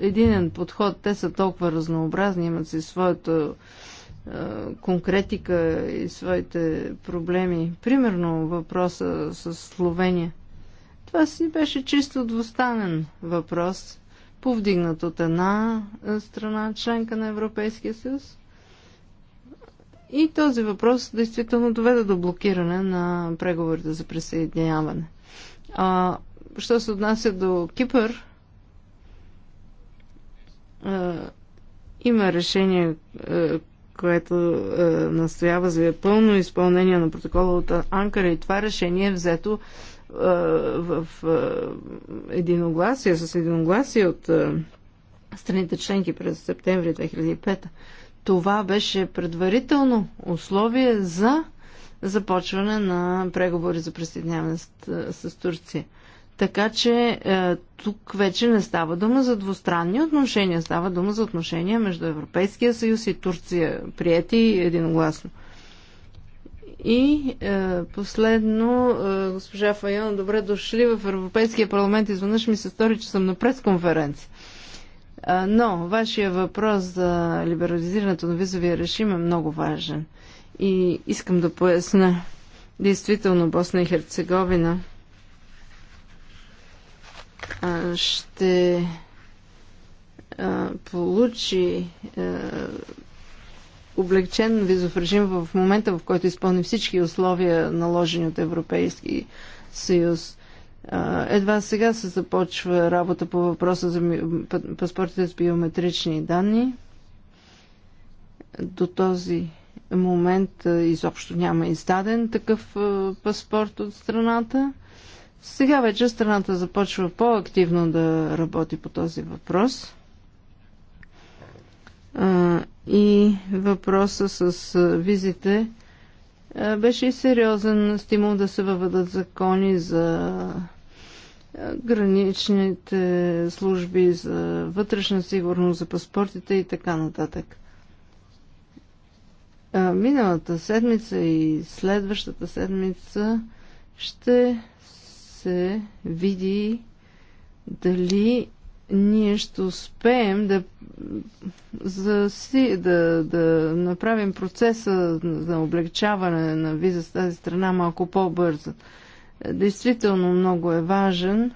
единен подход. Те са толкова разнообразни, имат си своята е, конкретика и своите проблеми. Примерно въпроса с Словения. Това си беше чисто двустанен въпрос, повдигнат от една страна, членка на Европейския съюз. И този въпрос действително доведе до блокиране на преговорите за присъединяване. А, що се отнася до Кипър, има решение, което настоява за пълно изпълнение на протокола от Анкара и това решение е взето в единогласие, с единогласие от страните членки през септември 2005. Това беше предварително условие за започване на преговори за присъединяване с, с Турция. Така че е, тук вече не става дума за двустранни отношения, става дума за отношения между Европейския съюз и Турция, прияти единогласно. И е, последно, е, госпожа Файон, добре дошли в Европейския парламент. Изведнъж ми се стори, че съм на пресконференция. Е, но, вашия въпрос за либерализирането на визовия режим е много важен. И искам да поясня. Действително, Босна и Херцеговина ще получи облегчен визов режим в момента, в който изпълни всички условия, наложени от Европейски съюз. Едва сега се започва работа по въпроса за паспортите с биометрични данни. До този момент изобщо няма издаден такъв паспорт от страната. Сега вече страната започва по-активно да работи по този въпрос. И въпроса с визите беше и сериозен стимул да се въведат закони за граничните служби, за вътрешна сигурност, за паспортите и така нататък. Миналата седмица и следващата седмица ще се види дали ние ще успеем да, за, си, да, да направим процеса за облегчаване на виза с тази страна малко по-бързо. Действително много е важен.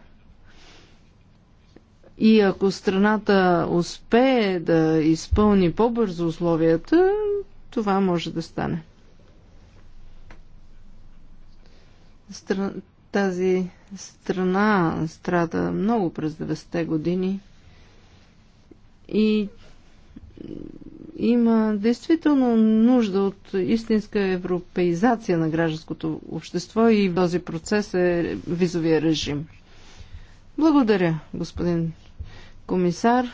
И ако страната успее да изпълни по-бързо условията, това може да стане. Стран... Тази страна страда много през 90-те години и има действително нужда от истинска европеизация на гражданското общество и в този процес е визовия режим. Благодаря, господин комисар.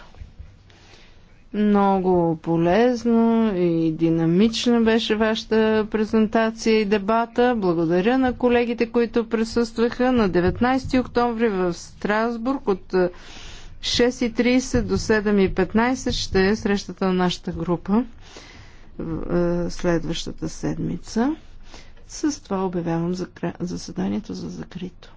Много полезно и динамична беше вашата презентация и дебата. Благодаря на колегите, които присъстваха на 19 октомври в Страсбург от 6.30 е, до 7.15 ще е срещата на нашата група е, следващата седмица. С това обявявам заседанието за закрито.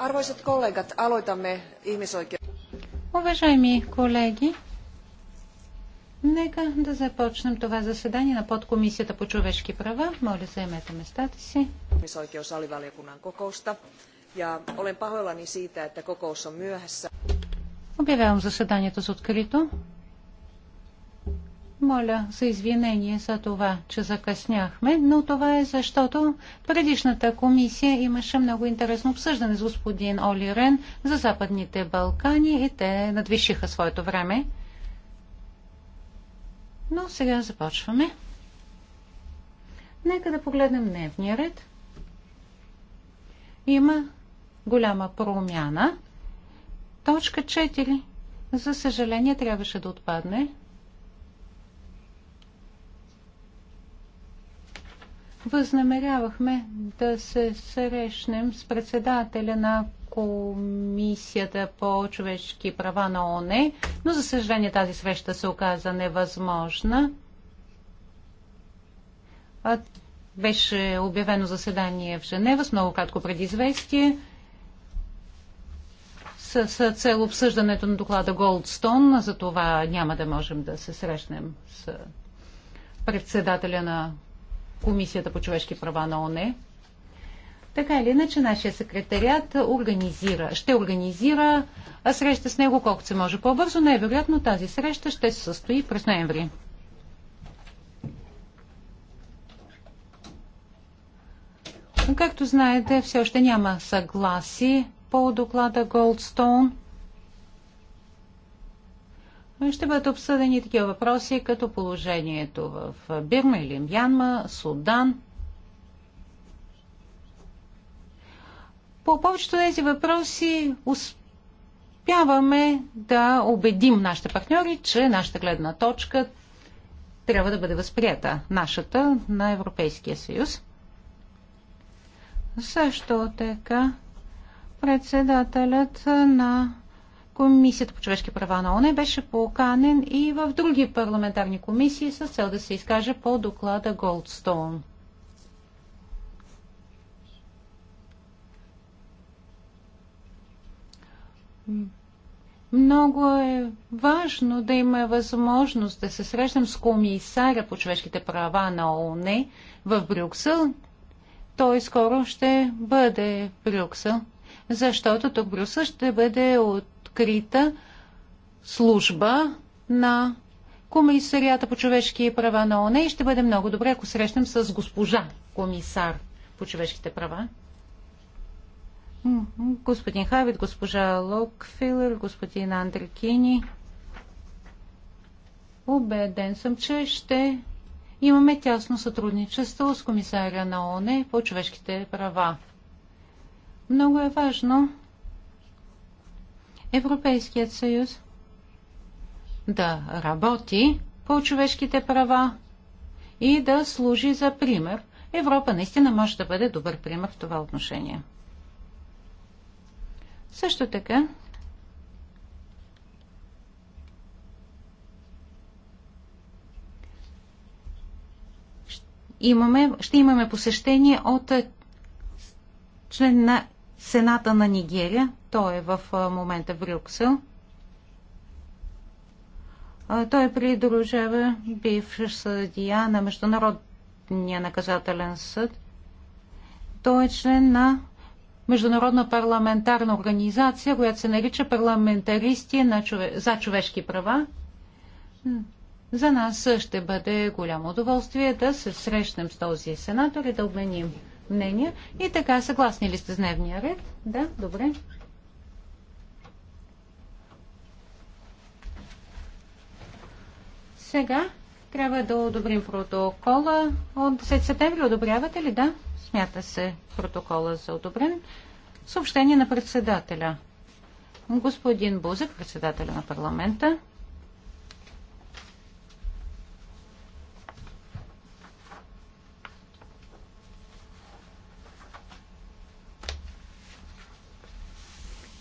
Arvoisat kollegat, aloitamme ihmisoikeus. Уважаеми колеги, нека да започнем това заседание на подкомисията по човешки права. Моля, заемете местата си. kokousta. Ja olen pahoillani siitä, että kokous on myöhässä. Обявявам заседанието за открито моля за извинение за това, че закъсняхме, но това е защото предишната комисия имаше много интересно обсъждане с господин Оли Рен за Западните Балкани и те надвишиха своето време. Но сега започваме. Нека да погледнем дневния ред. Има голяма промяна. Точка 4. За съжаление трябваше да отпадне, възнамерявахме да се срещнем с председателя на Комисията по човешки права на ОНЕ, но за съжаление тази среща се оказа невъзможна. Беше обявено заседание в Женева с много кратко предизвестие с, с цел обсъждането на доклада Голдстон, за това няма да можем да се срещнем с председателя на Комисията по човешки права на ОНЕ. Така или иначе, нашия секретариат организира, ще организира среща с него колкото се може по-бързо. Най-вероятно тази среща ще се състои през ноември. Както знаете, все още няма съгласи по доклада Голдстоун – ще бъдат обсъдени такива въпроси, като положението в Бирма или Мьянма, Судан. По повечето тези въпроси успяваме да убедим нашите партньори, че нашата гледна точка трябва да бъде възприята, нашата на Европейския съюз. Също така председателят на Комисията по човешки права на ОНЕ беше поканен и в други парламентарни комисии с цел да се изкаже по доклада Голдстоун. Много е важно да има възможност да се срещам с комисаря по човешките права на ОНЕ в Брюксел. Той скоро ще бъде в Брюксел, защото тук Брюксел ще бъде от открита служба на Комисарията по човешки права на ОНЕ и ще бъде много добре, ако срещнем с госпожа комисар по човешките права. Господин Хавит, госпожа Локфилер, господин Андрекини. Обеден съм, че ще имаме тясно сътрудничество с комисаря на ОНЕ по човешките права. Много е важно Европейският съюз да работи по човешките права и да служи за пример. Европа наистина може да бъде добър пример в това отношение. Също така, имаме, ще имаме посещение от член на Сената на Нигерия, той е в момента в Брюксел. Той придружава бивши съдия на Международния наказателен съд. Той е член на Международна парламентарна организация, която се нарича Парламентаристи на чове... за човешки права. За нас ще бъде голямо удоволствие да се срещнем с този сенатор и да обменим мнения. И така, съгласни ли сте с дневния ред? Да, добре. Сега трябва да одобрим протокола. От 10 септември одобрявате ли? Да. Смята се протокола за одобрен. Съобщение на председателя. Господин Бузък, председателя на парламента.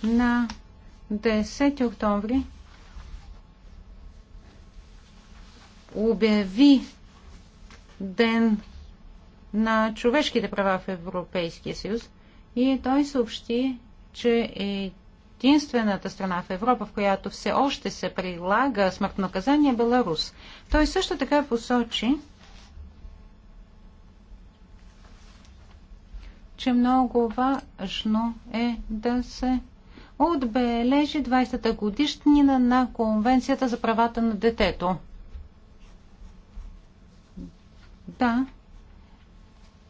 На 10 октомври обяви ден на човешките права в Европейския съюз и той съобщи, че единствената страна в Европа, в която все още се прилага смъртно наказание, е Беларус. Той също така посочи, че много важно е да се отбележи 20-та годишнина на Конвенцията за правата на детето. Да,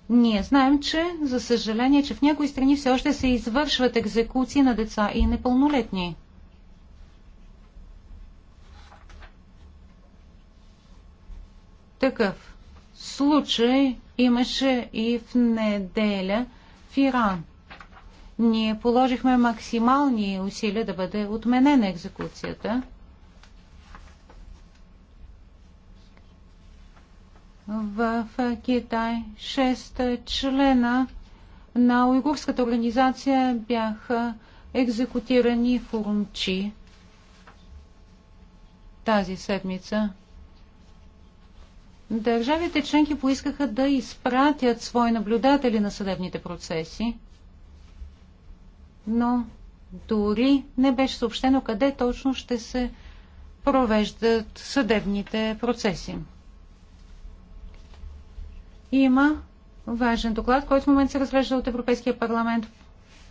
ние знаем, че, за съжаление, че в някои страни все още се извършват екзекуции на деца и непълнолетни. Такъв случай имаше и в неделя в Иран. Ние положихме максимални усилия да бъде отменена екзекуцията – в Китай. Шест члена на уйгурската организация бяха екзекутирани в Урумчи тази седмица. Държавите членки поискаха да изпратят свои наблюдатели на съдебните процеси, но дори не беше съобщено къде точно ще се провеждат съдебните процеси. Има важен доклад, който в момент се разглежда от Европейския парламент.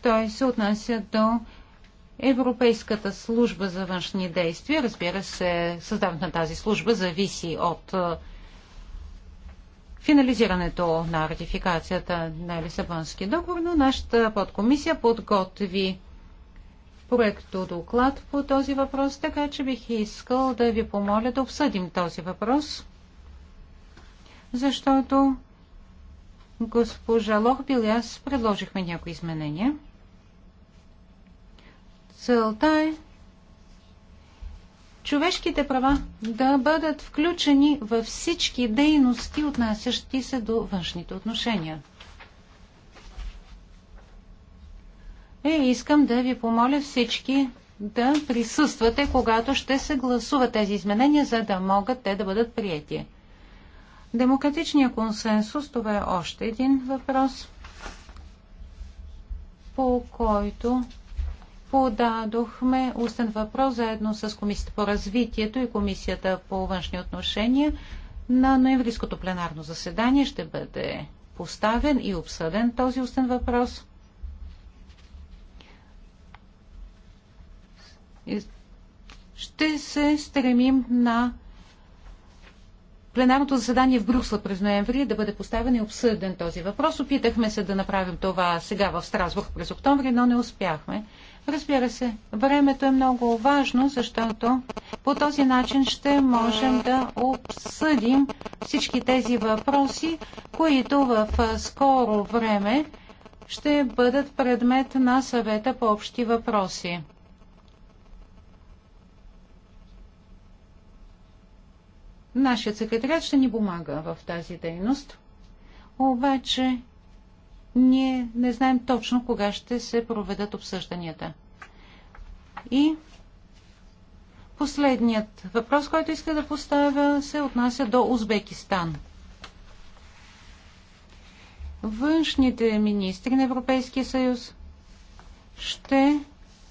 Той се отнася до Европейската служба за външни действия. Разбира се, създаването на тази служба зависи от финализирането на ратификацията на Лисабонския договор, но нашата подкомисия подготви проекто доклад по този въпрос, така че бих искал да ви помоля да обсъдим този въпрос, защото Госпожа Лохбил и аз предложихме някои изменения. Целта е човешките права да бъдат включени във всички дейности, отнасящи се до външните отношения. Е, искам да ви помоля всички да присъствате, когато ще се гласуват тези изменения, за да могат те да бъдат прияти. Демократичният консенсус, това е още един въпрос, по който подадохме устен въпрос заедно с Комисията по развитието и Комисията по външни отношения на ноемврийското пленарно заседание. Ще бъде поставен и обсъден този устен въпрос. Ще се стремим на пленарното заседание в Брюксел през ноември е да бъде поставен и обсъден този въпрос. Опитахме се да направим това сега в Страсбург през октомври, но не успяхме. Разбира се, времето е много важно, защото по този начин ще можем да обсъдим всички тези въпроси, които в скоро време ще бъдат предмет на съвета по общи въпроси. Нашият секретарят ще ни помага в тази дейност, обаче ние не знаем точно кога ще се проведат обсъжданията. И последният въпрос, който иска да поставя, се отнася до Узбекистан. Външните министри на Европейския съюз ще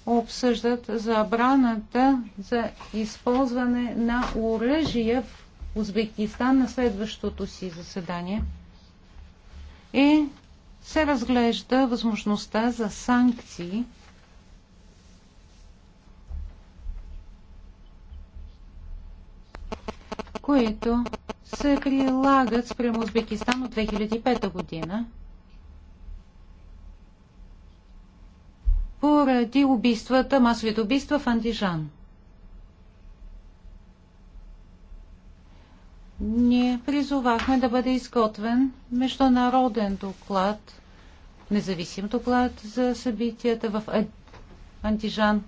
обсъждат забраната за използване на оръжия в Узбекистан на следващото си заседание и е, се разглежда възможността за санкции които се прилагат спрямо Узбекистан от 2005 година поради убийствата, масовите убийства в Андижан. призовахме да бъде изготвен международен доклад, независим доклад за събитията в Антижан.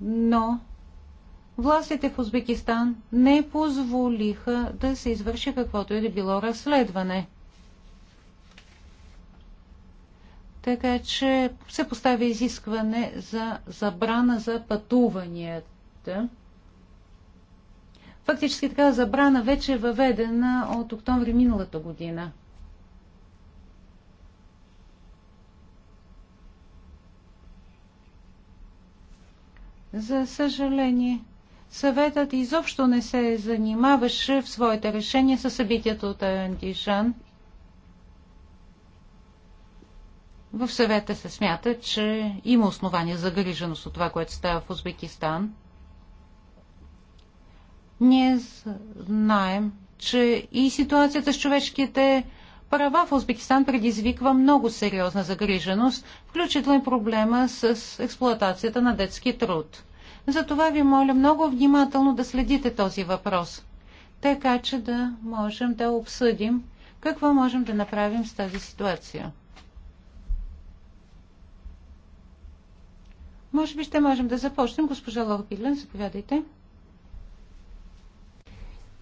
Но властите в Узбекистан не позволиха да се извърши каквото и да било разследване. Така че се поставя изискване за забрана за пътуванията Фактически такава забрана вече е въведена от октомври миналата година. За съжаление, съветът изобщо не се занимаваше в своите решения с събитието от Антишан. В съвета се смята, че има основания за гриженост от това, което става в Узбекистан – ние знаем, че и ситуацията с човешките права в Узбекистан предизвиква много сериозна загриженост, включително и проблема с експлоатацията на детски труд. Затова ви моля много внимателно да следите този въпрос, така че да можем да обсъдим какво можем да направим с тази ситуация. Може би ще можем да започнем. Госпожа Лохбилен, заповядайте.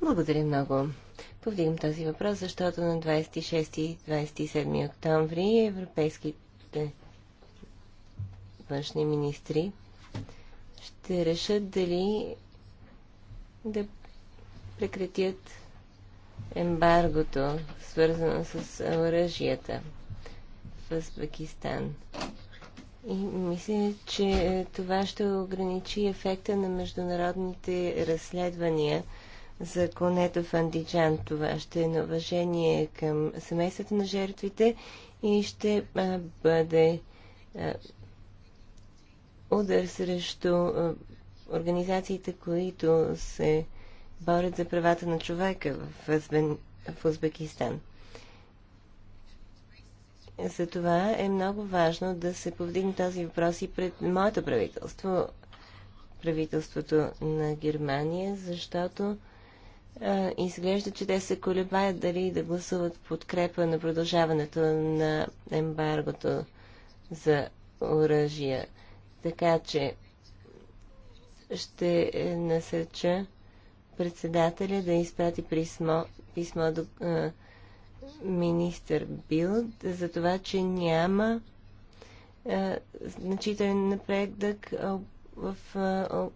Благодаря много. Повдигам този въпрос, защото на 26 и 27 октомври европейските външни министри ще решат дали да прекратят ембаргото, свързано с оръжията в Узбекистан. И мисля, че това ще ограничи ефекта на международните разследвания за конета в Андиджан. Това ще е на уважение към семействата на жертвите и ще а, бъде а, удар срещу а, организациите, които се борят за правата на човека в, Азбен, в Узбекистан. Затова е много важно да се повдигне този въпрос и пред моето правителство, правителството на Германия, защото изглежда, че те се колебаят дали да гласуват подкрепа на продължаването на ембаргото за оръжия. Така че ще е, насърча председателя да изпрати писмо, писмо до а, министър Билд за това, че няма а, значителен напредък в а,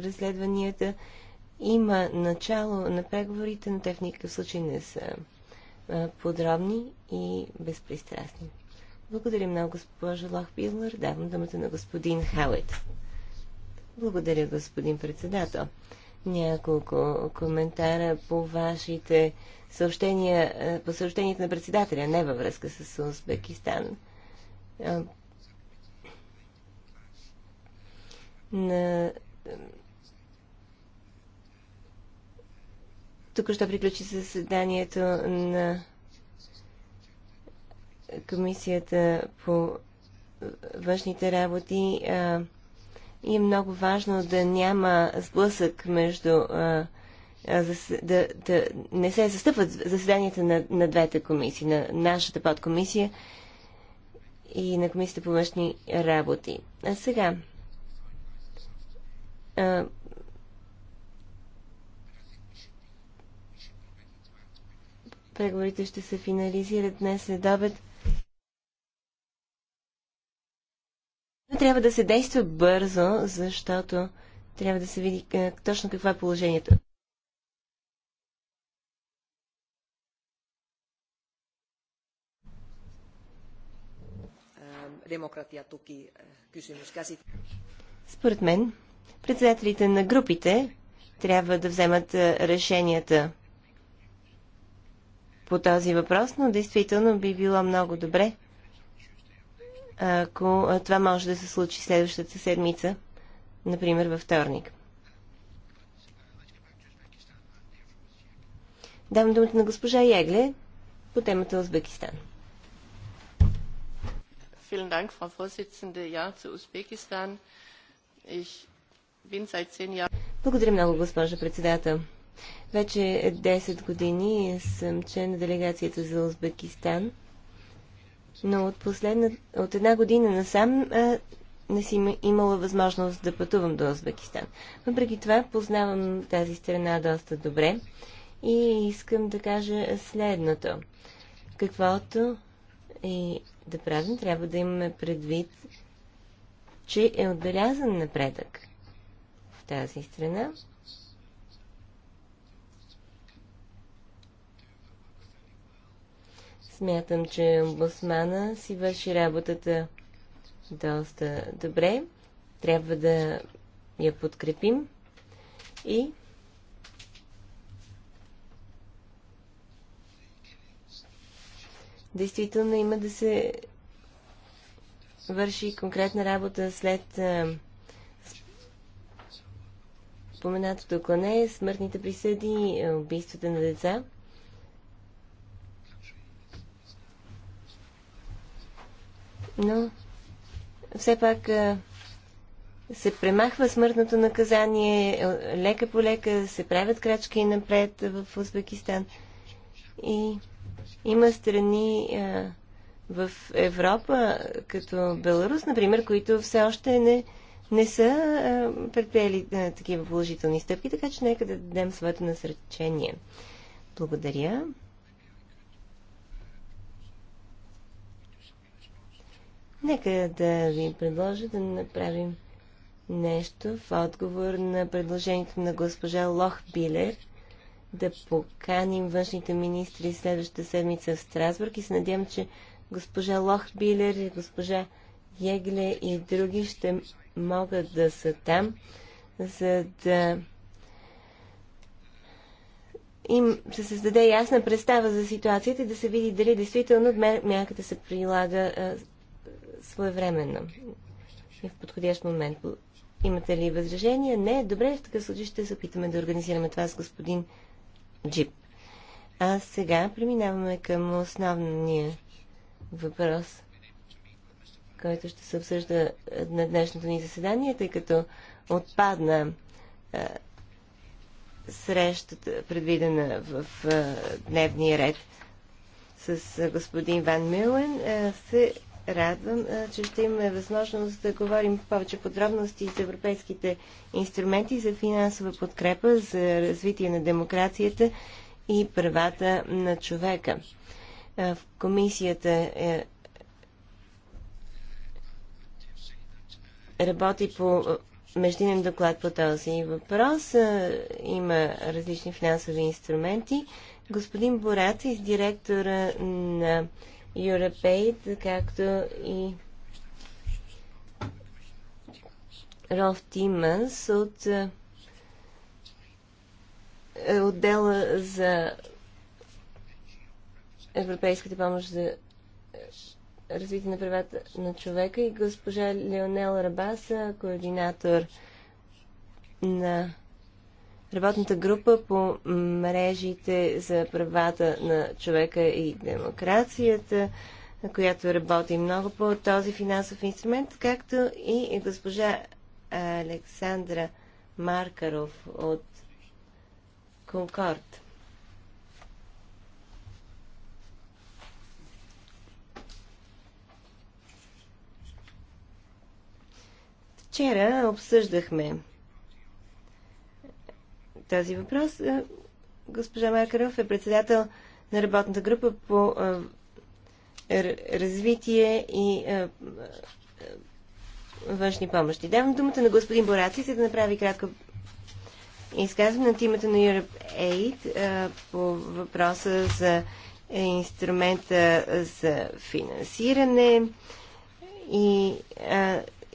разследванията има начало на преговорите, но те в никакъв случай не са подробни и безпристрастни. Благодаря много, госпожа Лохбилър. Давам думата на господин Хауит. Благодаря, господин председател. Няколко коментара по вашите съобщения, по съобщенията на председателя, не във връзка с Узбекистан. На Току-що приключи заседанието на Комисията по външните работи и е много важно да няма сблъсък между да, да не се застъпват заседанията на, на двете комисии, на нашата подкомисия и на комисията по външни работи. А сега, Преговорите ще се финализират днес след обед. Но трябва да се действа бързо, защото трябва да се види е, точно какво е положението. Е, Според мен, председателите на групите трябва да вземат е, решенията по този въпрос, но действително би било много добре, ако това може да се случи следващата седмица, например във вторник. Давам думата на госпожа Ягле по темата Узбекистан. Vielen Dank, Frau Vorsitzende. Ja, zu Ich bin seit Jahren. Благодаря много, госпожа председател. Вече 10 години съм член на делегацията за Узбекистан, но от, последна, от една година насам а, не си имала възможност да пътувам до Узбекистан. Въпреки това познавам тази страна доста добре и искам да кажа следното. Каквото и да правим, трябва да имаме предвид, че е отбелязан напредък в тази страна Смятам, че омбусмана си върши работата доста добре. Трябва да я подкрепим и действително има да се върши конкретна работа след споменатото клане, смъртните присъди, убийствата на деца. но все пак се премахва смъртното наказание, е, лека по лека се правят крачки напред в Узбекистан. И има страни а, в Европа, като Беларус, например, които все още не, не са а, предприели а, такива положителни стъпки, така че нека да дадем своето насречение. Благодаря. Нека да ви предложа да направим нещо в отговор на предложението на госпожа Лох Билер да поканим външните министри следващата седмица в Страсбург и се надявам, че госпожа Лох Билер и госпожа Егле и други ще могат да са там, за да им се създаде ясна представа за ситуацията и да се види дали действително мярката се прилага своевременно и в подходящ момент. Имате ли възражения? Не. Добре, в такъв случай ще се опитаме да организираме това с господин Джип. А сега преминаваме към основния въпрос, който ще се обсъжда на днешното ни заседание, тъй като отпадна срещата, предвидена в дневния ред с господин Ван Милен, се радвам, че ще имаме възможност да говорим повече подробности за европейските инструменти за финансова подкрепа, за развитие на демокрацията и правата на човека. В комисията е... работи по междинен доклад по този въпрос. Има различни финансови инструменти. Господин Борац, е директора на Europaid, както и Ров Тимънс от е, отдела за Европейската помощ за е, развитие на правата на човека и госпожа Леонела Рабаса, координатор на Работната група по мрежите за правата на човека и демокрацията, която работи много по този финансов инструмент, както и госпожа Александра Маркаров от Конкорд. Вчера обсъждахме този въпрос. Е, госпожа Маркаров е председател на работната група по е, развитие и е, външни помощи. Давам думата на господин Бораци, за да направи кратко изказване на името на Europe Aid по въпроса за инструмента за финансиране и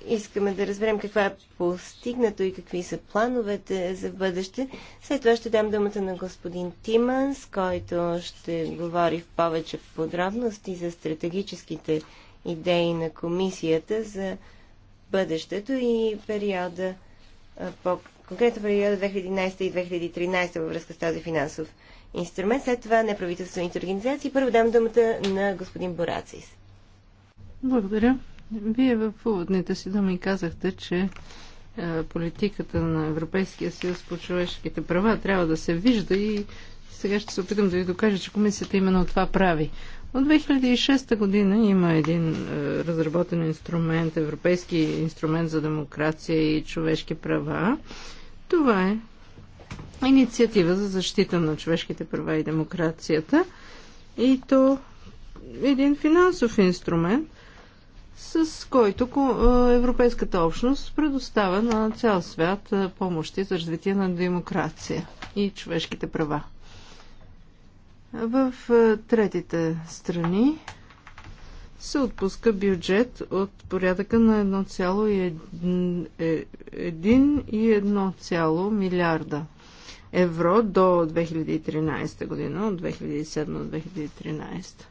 искаме да разберем каква е постигнато и какви са плановете за бъдеще. След това ще дам думата на господин Тиманс, който ще говори в повече подробности за стратегическите идеи на комисията за бъдещето и периода по конкретно периода 2011 и 2013 във връзка с този финансов инструмент. След това неправителствените организации. Първо дам думата на господин Борацис. Благодаря. Вие в уводните си думи казахте, че е, политиката на Европейския съюз по човешките права трябва да се вижда и сега ще се опитам да ви докажа, че комисията именно това прави. От 2006 година има един е, разработен инструмент, Европейски инструмент за демокрация и човешки права. Това е инициатива за защита на човешките права и демокрацията. И то един финансов инструмент, с който Европейската общност предоставя на цял свят помощи за развитие на демокрация и човешките права. В третите страни се отпуска бюджет от порядъка на 1,1 е, милиарда евро до 2013 година, от 2007 до 2013.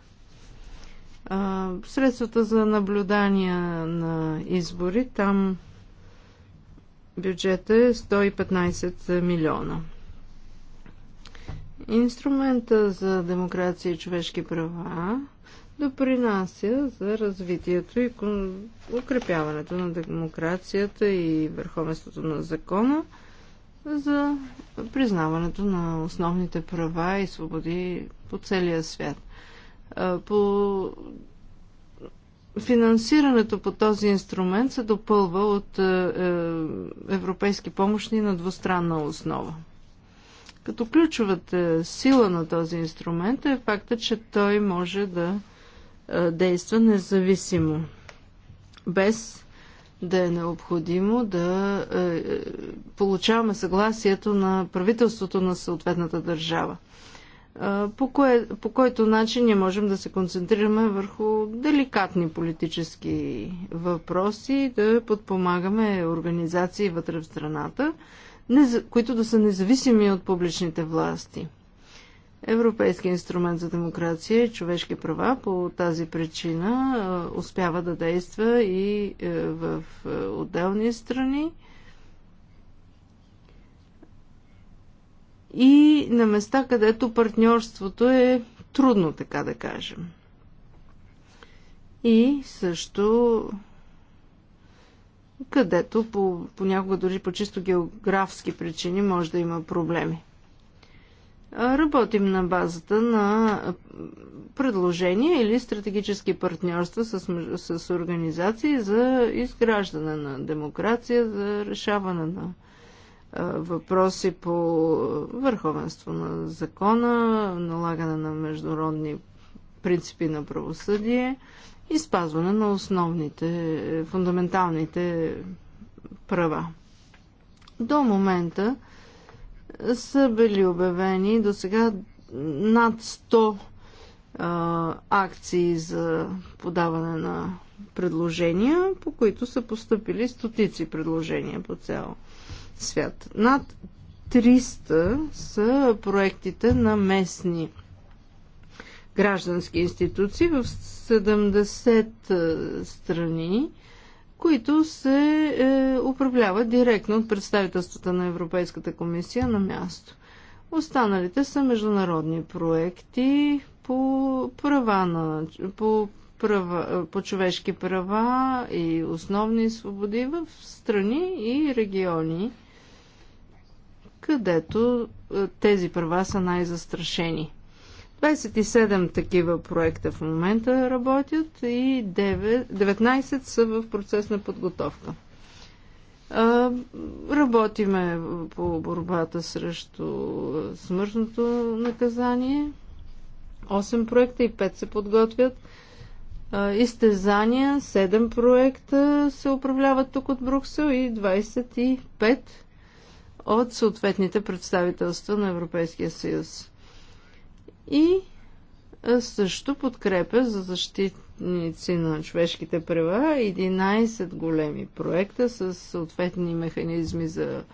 Средствата за наблюдания на избори, там бюджета е 115 милиона. Инструмента за демокрация и човешки права допринася за развитието и укрепяването на демокрацията и върховенството на закона за признаването на основните права и свободи по целия свят. По финансирането по този инструмент се допълва от е, е, европейски помощни на двустранна основа. Като ключовата сила на този инструмент е факта, че той може да е, действа независимо, без да е необходимо да получаваме съгласието на правителството на съответната държава по, кое, по който начин ние можем да се концентрираме върху деликатни политически въпроси, да подпомагаме организации вътре в страната, които да са независими от публичните власти. Европейски инструмент за демокрация и човешки права по тази причина успява да действа и е, в е, отделни страни и на места, където партньорството е трудно, така да кажем. И също където по, понякога дори по чисто географски причини може да има проблеми. Работим на базата на предложения или стратегически партньорства с, с организации за изграждане на демокрация, за решаване на въпроси по върховенство на закона, налагане на международни принципи на правосъдие и спазване на основните, фундаменталните права. До момента са били обявени до сега над 100 а, акции за подаване на предложения, по които са поступили стотици предложения по цяло свят. Над 300 са проектите на местни граждански институции в 70 е, страни, които се е, управляват директно от представителствата на Европейската комисия на място. Останалите са международни проекти по права на, по, права, е, по човешки права и основни свободи в страни и региони където е, тези права са най-застрашени. 27 такива проекта в момента работят и 9, 19 са в процес на подготовка. Работиме по борбата срещу смъртното наказание. 8 проекта и 5 се подготвят. Изтезания, 7 проекта се управляват тук от Бруксел и 25 от съответните представителства на Европейския съюз. И също подкрепя за защитници на човешките права 11 големи проекта с съответни механизми за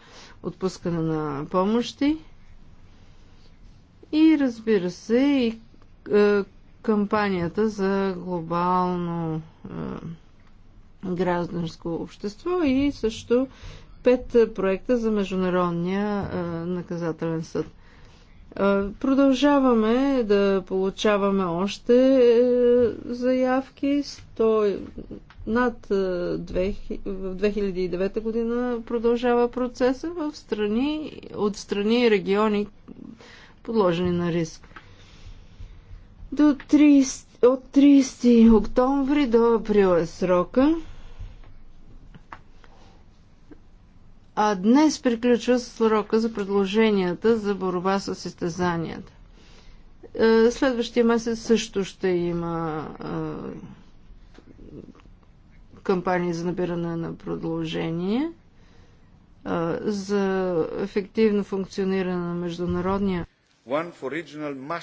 отпускане на помощи и разбира се и кампанията за глобално гражданско общество и също пет е, проекта за Международния е, наказателен съд. Е, продължаваме да получаваме още заявки. 100, над две, в 2009 година продължава процеса в страни, от страни и региони подложени на риск. До 30, от 30 октомври до април е срока. А днес приключва срока за предложенията за борба с изтезанията. Е, следващия месец също ще има е, кампании за набиране на продължение е, за ефективно функциониране на международния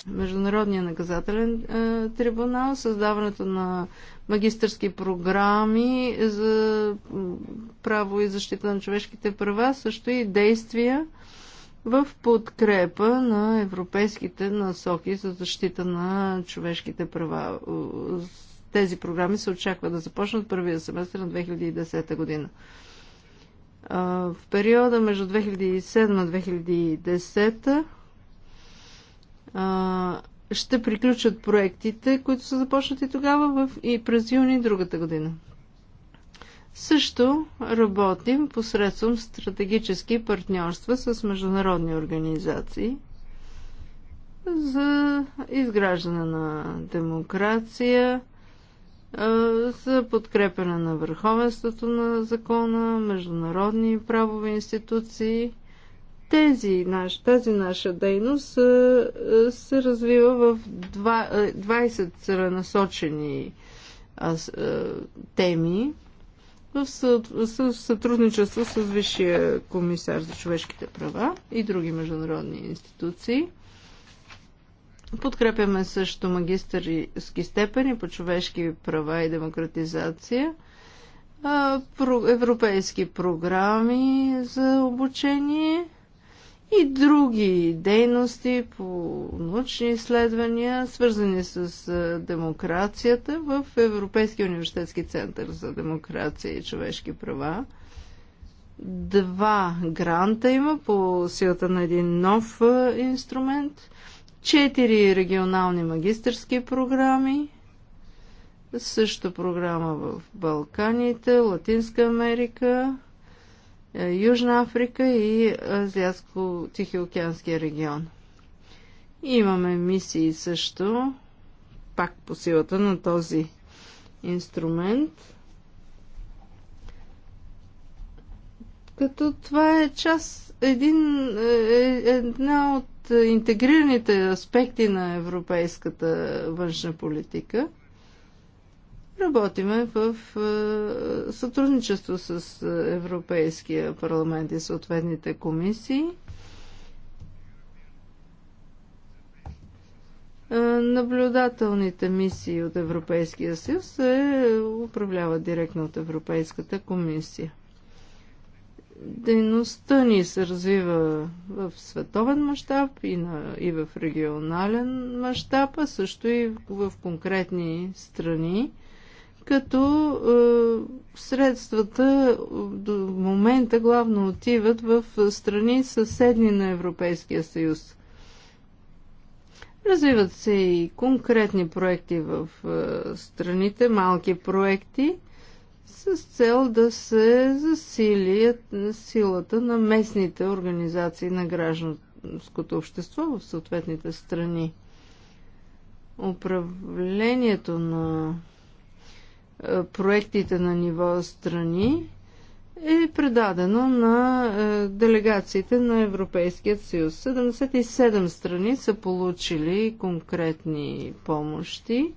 Международния наказателен е, трибунал, създаването на магистърски програми за право и защита на човешките права, също и действия в подкрепа на европейските насоки за защита на човешките права. Тези програми се очаква да започнат първия семестър на 2010 година. В периода между 2007-2010 ще приключат проектите, които са започнати тогава в, и през юни другата година. Също работим посредством стратегически партньорства с международни организации за изграждане на демокрация, за подкрепене на върховенството на закона, международни правови институции – тези, наш, тази наша дейност се развива в 20 целенасочени теми в сътрудничество с Висшия комисар за човешките права и други международни институции. Подкрепяме също магистърски степени по човешки права и демократизация, европейски програми за обучение и други дейности по научни изследвания, свързани с демокрацията в Европейския университетски център за демокрация и човешки права. Два гранта има по силата на един нов инструмент, четири регионални магистърски програми, също програма в Балканите, Латинска Америка, е, Южна Африка и е, Азиатско-Тихоокеанския регион. Имаме мисии също, пак по силата на този инструмент. Като това е част, един, е, една от интегрираните аспекти на европейската външна политика – Работиме в е, сътрудничество с е, Европейския парламент и съответните комисии. Е, наблюдателните мисии от Европейския съюз се управляват директно от Европейската комисия. Дейността ни се развива в световен мащаб и, на, и в регионален мащаб, а също и в, в конкретни страни като е, средствата до момента главно отиват в страни съседни на Европейския съюз. Развиват се и конкретни проекти в е, страните, малки проекти, с цел да се засилият силата на местните организации на гражданското общество в съответните страни. Управлението на е, проектите на ниво страни е предадено на е, делегациите на Европейският съюз. 77 страни са получили конкретни помощи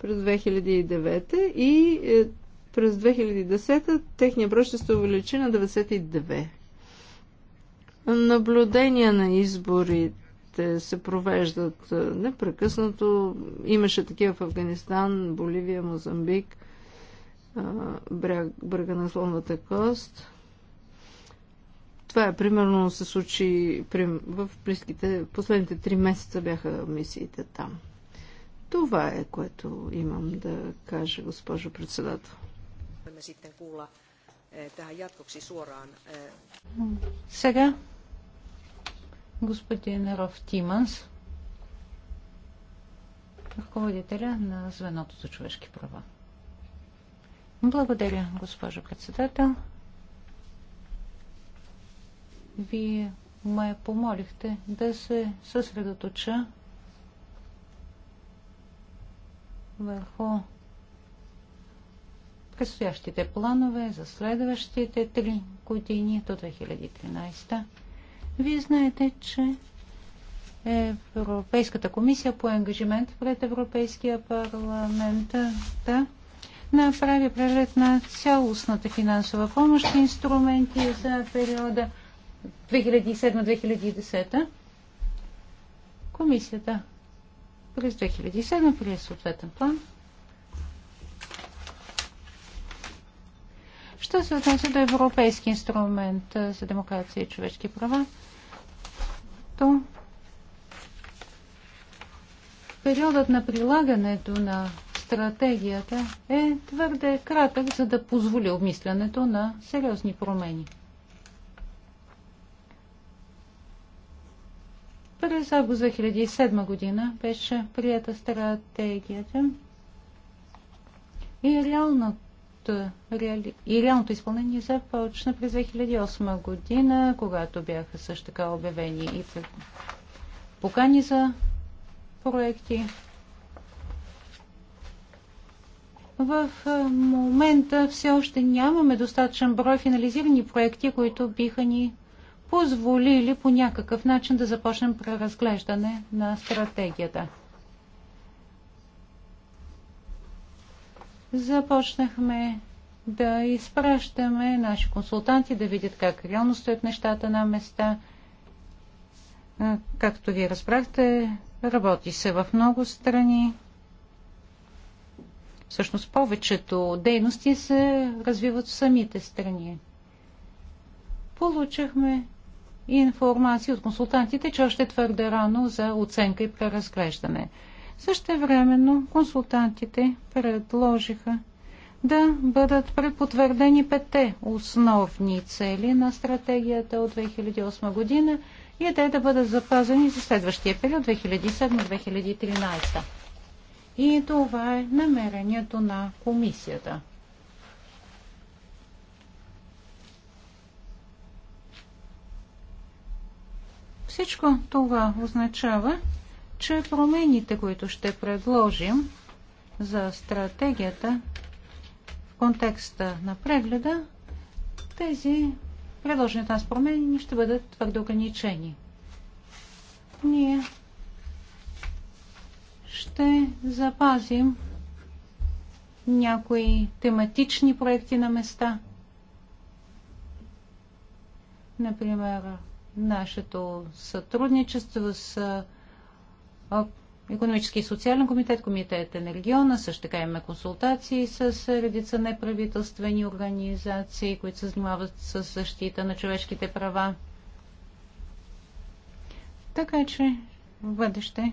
през 2009 и е, през 2010 техния брой ще се увеличи на 92. Наблюдения на изборите се провеждат непрекъснато. Имаше такива в Афганистан, Боливия, Мозамбик бряг, на слонната кост. Това е примерно се случи прим, в близките, последните три месеца бяха мисиите там. Това е, което имам да кажа, госпожо председател. Е, е, Сега господин Ров Тиманс, ръководителя на звеното за човешки права. Благодаря, госпожо председател. Вие ме помолихте да се съсредоточа върху предстоящите планове за следващите три години до 2013. Вие знаете, че Европейската комисия по ангажимент пред Европейския парламент да направи преглед на цялостната финансова помощ и инструменти за периода 2007-2010. Комисията през 2007 прие съответен план. Що се отнася до Европейски инструмент за демокрация и човешки права, то периодът на прилагането на стратегията е твърде кратък, за да позволи обмислянето на сериозни промени. През август 2007 година беше прията стратегията и реалното, реали... и реалното изпълнение започна през 2008 година, когато бяха също така обявени и покани за проекти В е, момента все още нямаме достатъчен брой финализирани проекти, които биха ни позволили по някакъв начин да започнем преразглеждане на стратегията. Започнахме да изпращаме наши консултанти да видят как реално стоят нещата на места. Е, както вие разбрахте, работи се в много страни. Всъщност повечето дейности се развиват в самите страни. Получихме информация от консултантите, че още твърде рано за оценка и преразглеждане. Същевременно консултантите предложиха да бъдат препотвърдени пете основни цели на стратегията от 2008 година и те да бъдат запазени за следващия период 2007-2013. И това е намерението на комисията. Всичко това означава, че промените, които ще предложим за стратегията в контекста на прегледа, тези предложени от нас промени ще бъдат твърдо ограничени. Ние ще запазим някои тематични проекти на места. Например, нашето сътрудничество с Економически и социален комитет, комитет на региона, също така имаме консултации с редица неправителствени организации, които се занимават с защита на човешките права. Така че в бъдеще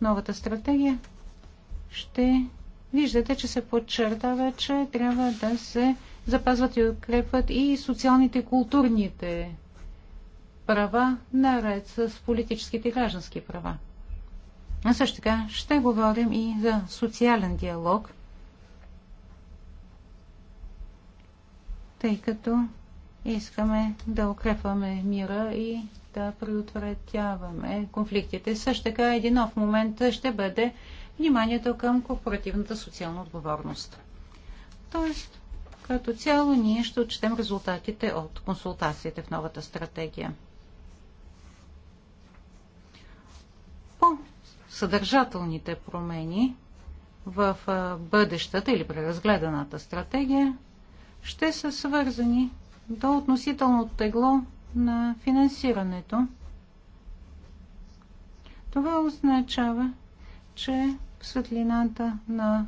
новата стратегия, ще виждате, че се подчертава, че трябва да се запазват и укрепват и социалните и културните права, наред с политическите и граждански права. А също така ще говорим и за социален диалог, тъй като Искаме да укрепваме мира и да предотвратяваме конфликтите. Също така един нов момент ще бъде вниманието към корпоративната социална отговорност. Тоест, като цяло ние ще отчетем резултатите от консултациите в новата стратегия. По съдържателните промени в бъдещата или преразгледаната стратегия ще са свързани до е относително тегло на финансирането. Това означава, че в светлината на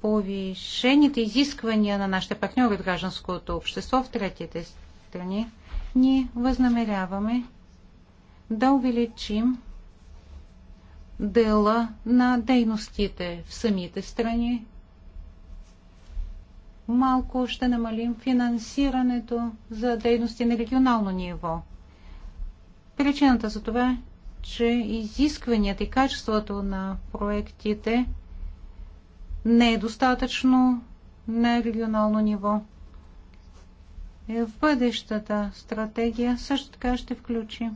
повишените изисквания на нашите партньори от гражданското общество в третите страни, ние възнамеряваме да увеличим дела на дейностите в самите страни малко ще намалим финансирането за дейности на регионално ниво. Причината за това е, че изискванията и качеството на проектите не е достатъчно на регионално ниво. Е, в бъдещата стратегия също така ще включи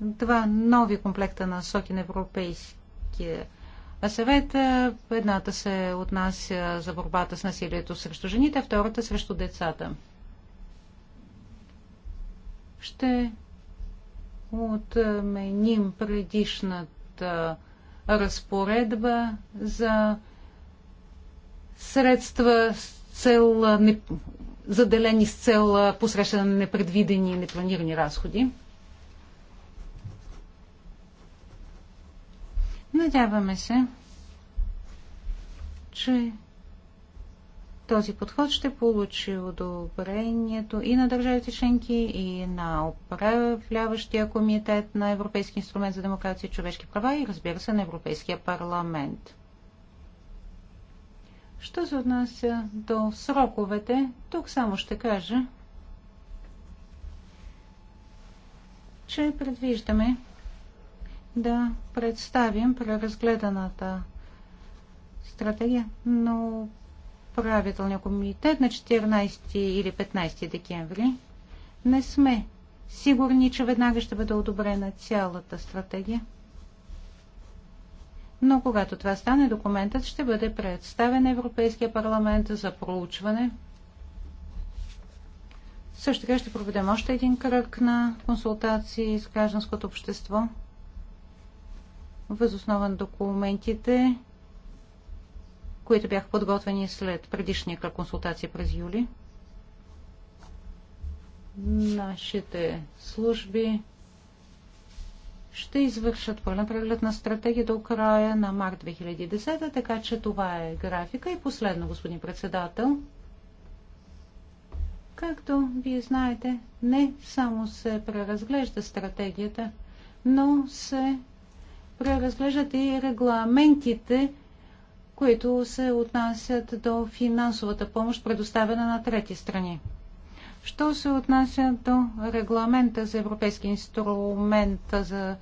два нови комплекта на соки на европейския съвета. Едната се отнася за борбата с насилието срещу жените, а втората срещу децата. Ще отменим предишната разпоредба за средства с цел, заделени с цел посрещане на непредвидени и непланирани разходи. Надяваме се, че този подход ще получи одобрението и на държавите членки, и на управляващия комитет на Европейски инструмент за демокрация и човешки права и разбира се на Европейския парламент. Що се отнася до сроковете, тук само ще кажа, че предвиждаме да представим преразгледаната стратегия, но правителния комитет на 14 или 15 декември не сме сигурни, че веднага ще бъде одобрена цялата стратегия. Но когато това стане, документът ще бъде представен Европейския парламент за проучване. Също така ще проведем още един кръг на консултации с гражданското общество възоснова на документите, които бяха подготвени след предишния кръг консултация през юли. Нашите служби ще извършат пълен преглед на стратегия до края на март 2010, така че това е графика. И последно, господин председател, както вие знаете, не само се преразглежда стратегията, но се преразглеждат и регламентите, които се отнасят до финансовата помощ, предоставена на трети страни. Що се отнася до регламента за Европейски инструмент за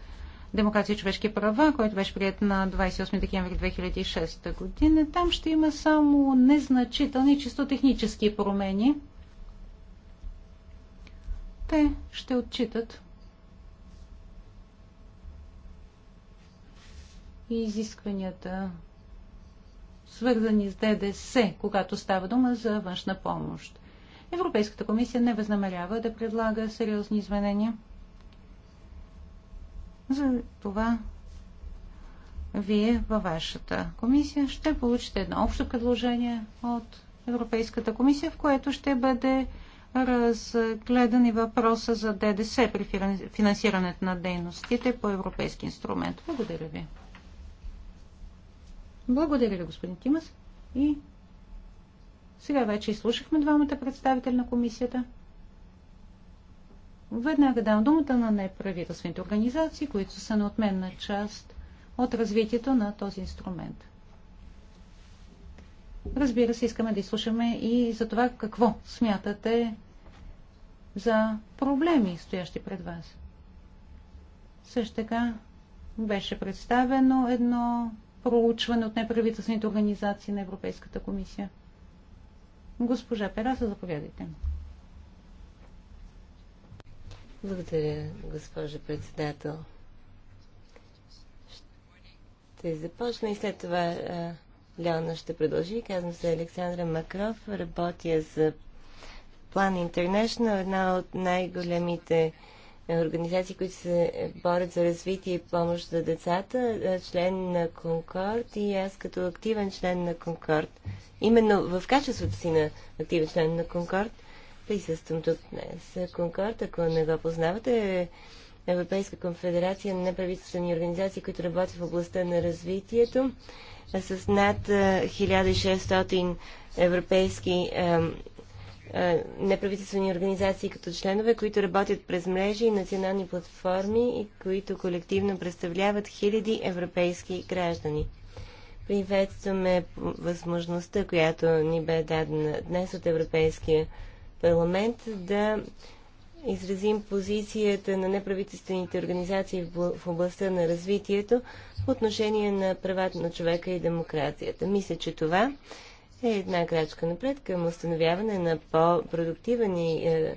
демокрация и човешки права, който беше прият на 28 декември 2006 година, там ще има само незначителни чисто технически промени. Те ще отчитат и изискванията, свързани с ДДС, когато става дума за външна помощ. Европейската комисия не възнамерява да предлага сериозни изменения. За това вие във вашата комисия ще получите едно общо предложение от Европейската комисия, в което ще бъде разгледан и въпроса за ДДС при финансирането на дейностите по европейски инструмент. Благодаря ви. Благодаря ви, господин Тимас. И сега вече изслушахме двамата представители на комисията. Веднага давам думата на неправителствените организации, които са неотменна част от развитието на този инструмент. Разбира се, искаме да изслушаме и за това какво смятате за проблеми, стоящи пред вас. Също така беше представено едно проучване от неправителствените организации на Европейската комисия. Госпожа Пераса, заповядайте. Благодаря, госпожа председател. Ще започна и след това Леона ще продължи. Казвам се Александра Макров. Работя за План International, една от най-големите организации, които се борят за развитие и помощ за децата, член на Конкорд и аз като активен член на Конкорд, именно в качеството си на активен член на Конкорд, присъствам тук днес. Конкорд, ако не го познавате, е Европейска конфедерация на неправителствени организации, които работят в областта на развитието с над 1600 европейски неправителствени организации като членове, които работят през мрежи и национални платформи и които колективно представляват хиляди европейски граждани. Приветстваме възможността, която ни бе дадена днес от Европейския парламент да изразим позицията на неправителствените организации в областта на развитието по отношение на правата на човека и демокрацията. Мисля, че това е една крачка напред към установяване на по-продуктивен и е,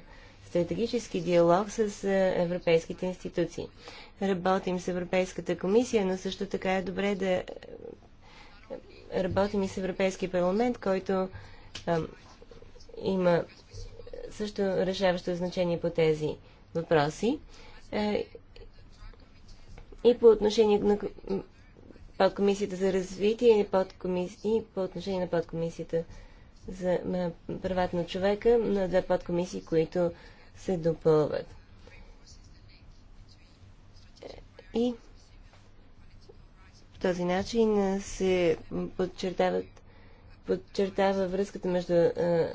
стратегически диалог с е, европейските институции. Работим с Европейската комисия, но също така е добре да е, работим и с Европейския парламент, който е, има също решаващо значение по тези въпроси. Е, и по отношение на подкомисията за развитие и, подкомис... и по отношение на подкомисията за правата на човека на две подкомисии, които се допълват. И по този начин се подчертават, подчертава връзката между а,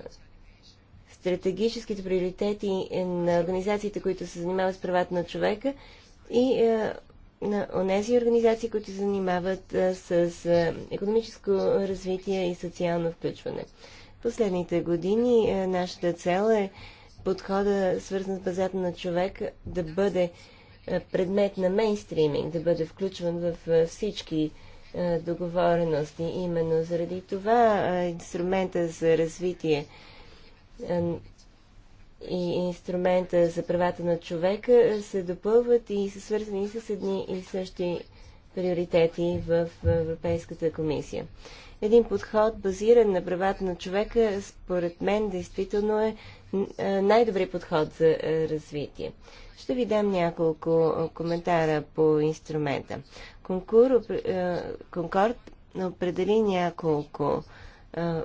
стратегическите приоритети на организациите, които се занимават с правата на човека и а, на тези организации, които се занимават а, с а, економическо развитие и социално включване. Последните години а, нашата цел е подхода, свързан с пазата на човек, да бъде предмет на мейнстриминг, да бъде включван в всички договорености. Именно заради това инструмента за развитие и инструмента за правата на човека е, се допълват и са свързани с едни и същи приоритети в Европейската комисия. Един подход, базиран на правата на човека, според мен, действително е, е най-добрият подход за е, развитие. Ще ви дам няколко коментара по инструмента. Конкорд определи няколко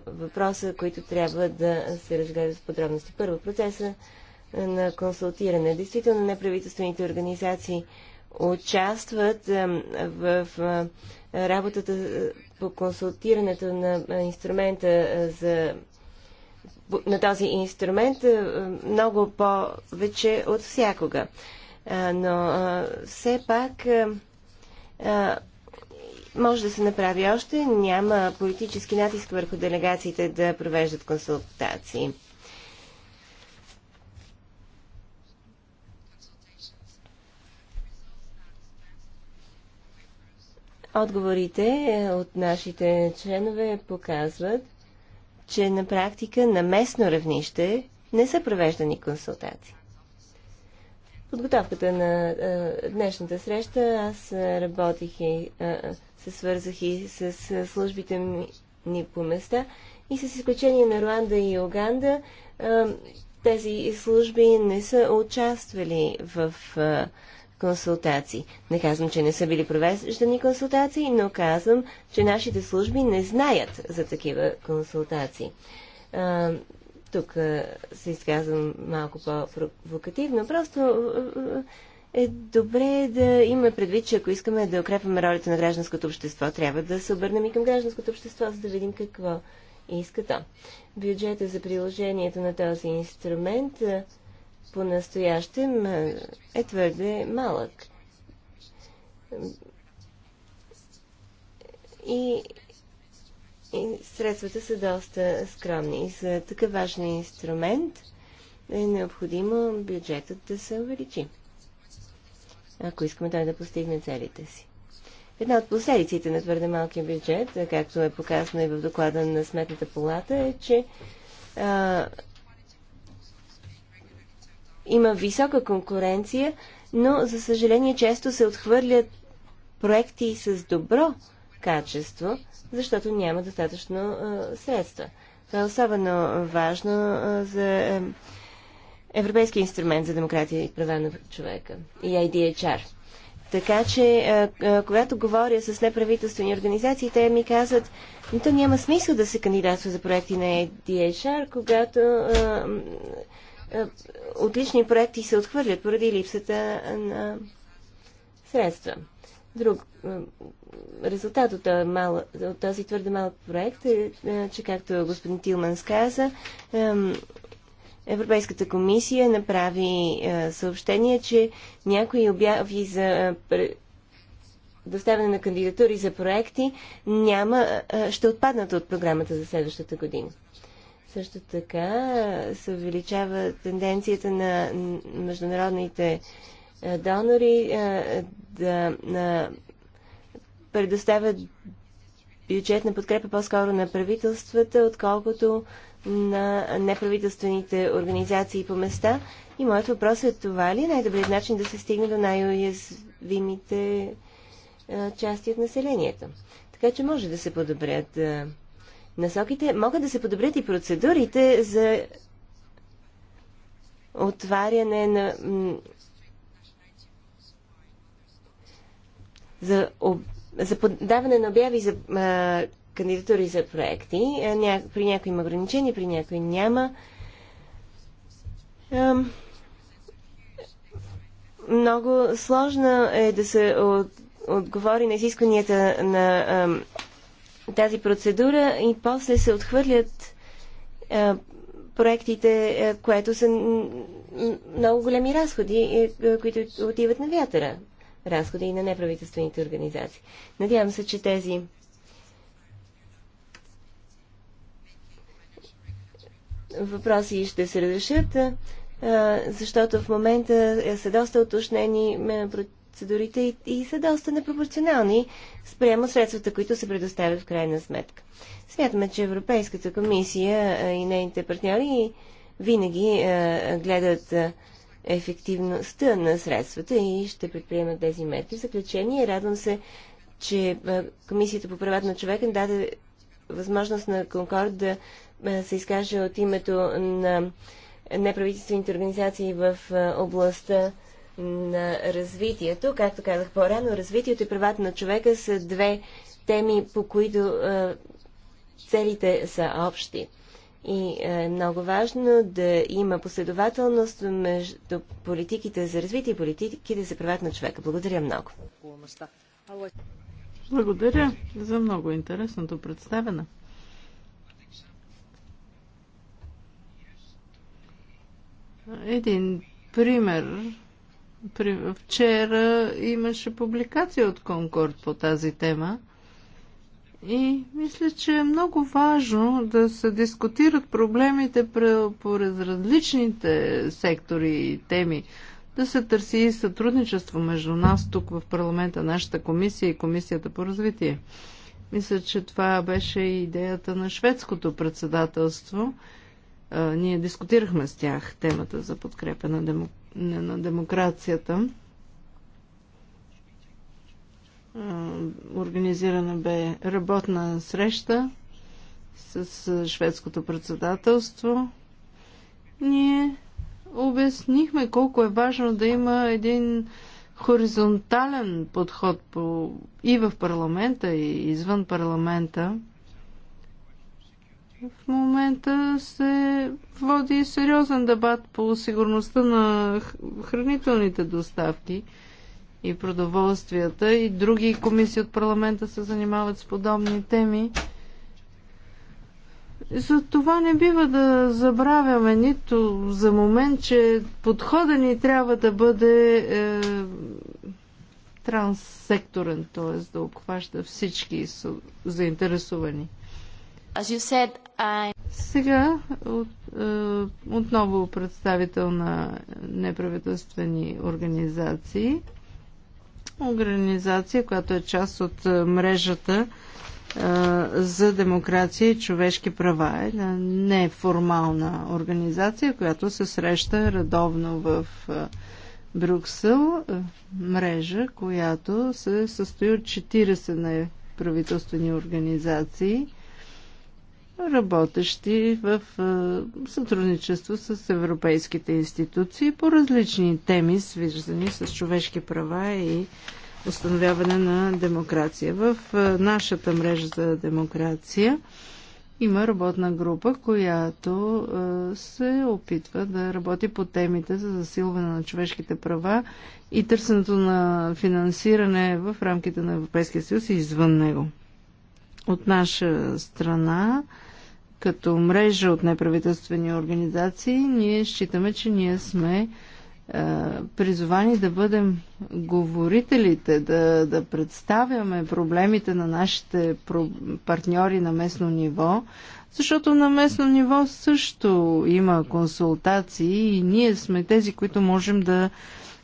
въпроса, които трябва да се разгледат в подробности. Първо, процеса на консултиране. Действително неправителствените организации участват в работата по консултирането на инструмента за на този инструмент много повече от всякога. Но все пак може да се направи още. Няма политически натиск върху делегациите да провеждат консултации. Отговорите е, от нашите членове показват, че на практика на местно равнище не са провеждани консултации. В подготовката на а, е, днешната среща аз е, работих и а, се свързах и с службите ни по места. И с изключение на Руанда и Уганда, тези служби не са участвали в консултации. Не казвам, че не са били провеждани консултации, но казвам, че нашите служби не знаят за такива консултации. тук се изказвам малко по-провокативно. Просто е добре е да имаме предвид, че ако искаме да укрепваме ролята на гражданското общество, трябва да се обърнем и към гражданското общество, за да видим какво иска то. Бюджета за приложението на този инструмент е, по-настоящем е, е твърде малък. И, и средствата са доста скромни. За такъв важен инструмент е необходимо бюджетът да се увеличи ако искаме той да постигне целите си. Една от последиците на твърде малкия бюджет, както е показано и в доклада на Сметната палата, е, че а, има висока конкуренция, но за съжаление често се отхвърлят проекти с добро качество, защото няма достатъчно а, средства. Това е особено важно а, за Европейски инструмент за демократия и права на човека и IDHR. Така че, е, е, когато говоря с неправителствени организации, те ми казват, но то няма смисъл да се кандидатства за проекти на IDHR, когато е, отлични проекти се отхвърлят поради липсата на средства. Друг резултат от този, мал, от този твърде малък проект е, че както господин Тилманс каза, Европейската комисия направи е, съобщение, че някои обяви за е, доставяне на кандидатури за проекти няма, е, ще отпаднат от програмата за следващата година. Също така се увеличава тенденцията на международните донори да предоставят бюджетна подкрепа по-скоро на правителствата, отколкото на неправителствените организации по места. И моят въпрос е това ли е най-добрият начин да се стигне до най-уязвимите части от населението. Така че може да се подобрят насоките, могат да се подобрят и процедурите за отваряне на за, об, за подаване на обяви за а, кандидатури за проекти. Ня... При някои има ограничения, при някои няма. Ам... Много сложно е да се от... отговори на изискванията на ам... тази процедура и после се отхвърлят ам... проектите, което са много големи разходи, които отиват на вятъра разходи и на неправителствените организации. Надявам се, че тези въпроси ще се разрешат, защото в момента е, са доста уточнени процедурите и са доста непропорционални спрямо средствата, които се предоставят в крайна сметка. Смятаме, че Европейската комисия и нейните партньори винаги гледат ефективността на средствата и ще предприемат тези мерки. В заключение, радвам се, че Комисията по правата на човека даде възможност на Конкорд да се изкаже от името на неправителствените организации в областта на развитието. Както казах по-рано, развитието и правата на човека са две теми, по които целите са общи. И е много важно да има последователност между политиките за развитие и политиките за правата на човека. Благодаря много. Благодаря за много интересното представяне. Един пример. Вчера имаше публикация от Конкорд по тази тема. И мисля, че е много важно да се дискутират проблемите по различните сектори и теми. Да се търси и сътрудничество между нас тук в парламента, нашата комисия и комисията по развитие. Мисля, че това беше и идеята на шведското председателство – а, ние дискутирахме с тях темата за подкрепа на, демо, на, на демокрацията. А, организирана бе работна среща с шведското председателство. Ние обяснихме колко е важно да има един хоризонтален подход по, и в парламента, и извън парламента. В момента се води сериозен дебат по сигурността на хранителните доставки и продоволствията и други комисии от парламента се занимават с подобни теми. За това не бива да забравяме нито за момент, че подхода ни трябва да бъде е, транссекторен, т.е. да обхваща всички заинтересовани. Said, I... Сега от, е, отново представител на неправителствени организации. Организация, която е част от е, мрежата е, за демокрация и човешки права. Е една неформална организация, която се среща редовно в е, Брюксел. Е, мрежа, която се състои от 40 неправителствени организации – работещи в сътрудничество с европейските институции по различни теми, свързани с човешки права и установяване на демокрация. В нашата мрежа за демокрация има работна група, която се опитва да работи по темите за засилване на човешките права и търсенето на финансиране в рамките на Европейския съюз и извън него. От наша страна като мрежа от неправителствени организации, ние считаме, че ние сме е, призовани да бъдем говорителите, да, да представяме проблемите на нашите партньори на местно ниво, защото на местно ниво също има консултации и ние сме тези, които можем да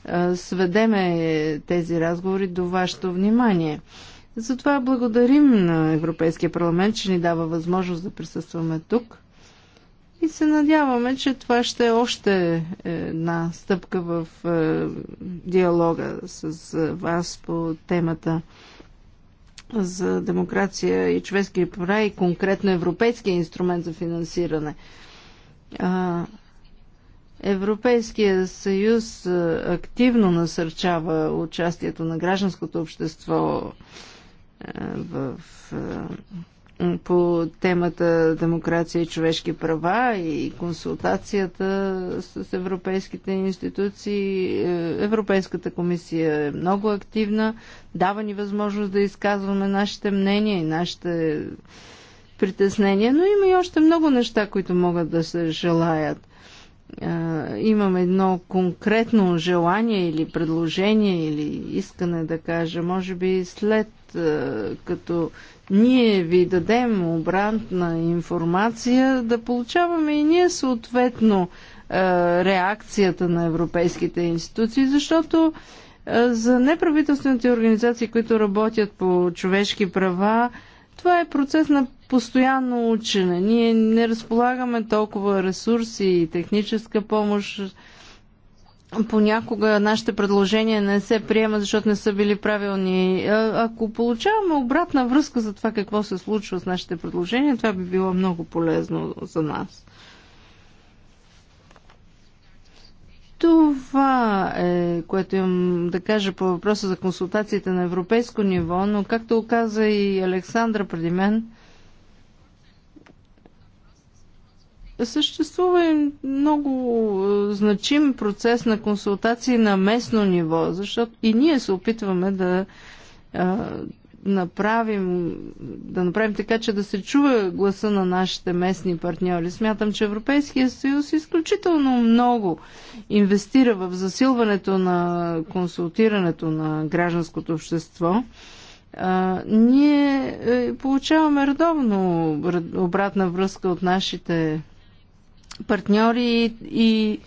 е, сведеме тези разговори до вашето внимание. Затова благодарим на Европейския парламент, че ни дава възможност да присъстваме тук. И се надяваме, че това ще е още една стъпка в е, диалога с е, вас по темата за демокрация и човешки права и конкретно Европейския инструмент за финансиране. Европейския съюз е, активно насърчава участието на гражданското общество в, е, по темата демокрация и човешки права и консултацията с европейските институции. Е, Европейската комисия е много активна, дава ни възможност да изказваме нашите мнения и нашите притеснения, но има и още много неща, които могат да се желаят е, имам едно конкретно желание или предложение или искане да кажа, може би след е, като ние ви дадем обратна информация, да получаваме и ние съответно е, реакцията на европейските институции, защото е, за неправителствените организации, които работят по човешки права, това е процес на постоянно учене. Ние не разполагаме толкова ресурси и техническа помощ понякога нашите предложения не се приемат, защото не са били правилни. Ако получаваме обратна връзка за това какво се случва с нашите предложения, това би било много полезно за нас. Това е, което имам да кажа по въпроса за консултациите на европейско ниво, но както каза и Александра преди мен, Съществува и много е, значим процес на консултации на местно ниво, защото и ние се опитваме да е, направим, да направим така, че да се чува гласа на нашите местни партньори. Смятам, че Европейския съюз изключително много инвестира в засилването на консултирането на гражданското общество. А, е, ние получаваме редовно обратна връзка от нашите партньори и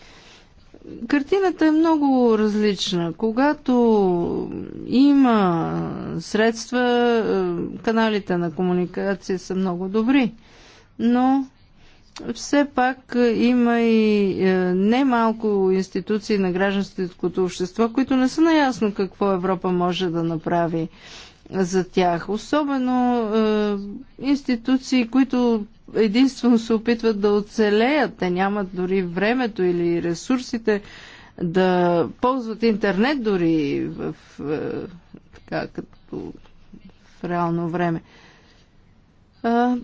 картината е много различна. Когато има средства, е, каналите на комуникация са много добри, но все пак има и е, немалко институции на гражданското общество, които не са наясно какво Европа може да направи за тях. Особено е, институции, които единствено се опитват да оцелеят. Те нямат дори времето или ресурсите да ползват интернет дори в, е, така, като в реално време. Е,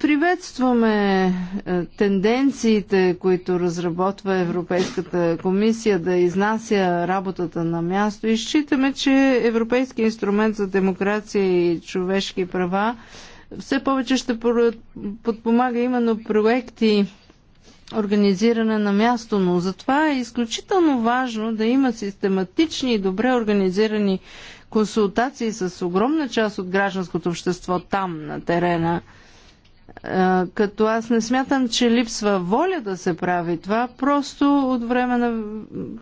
Приветстваме е, тенденциите, които разработва Европейската комисия да изнася работата на място и считаме, че Европейски инструмент за демокрация и човешки права все повече ще подпомага именно проекти организиране на място, но затова е изключително важно да има систематични и добре организирани консултации с огромна част от гражданското общество там, на терена – като аз не смятам, че липсва воля да се прави това, просто от време на...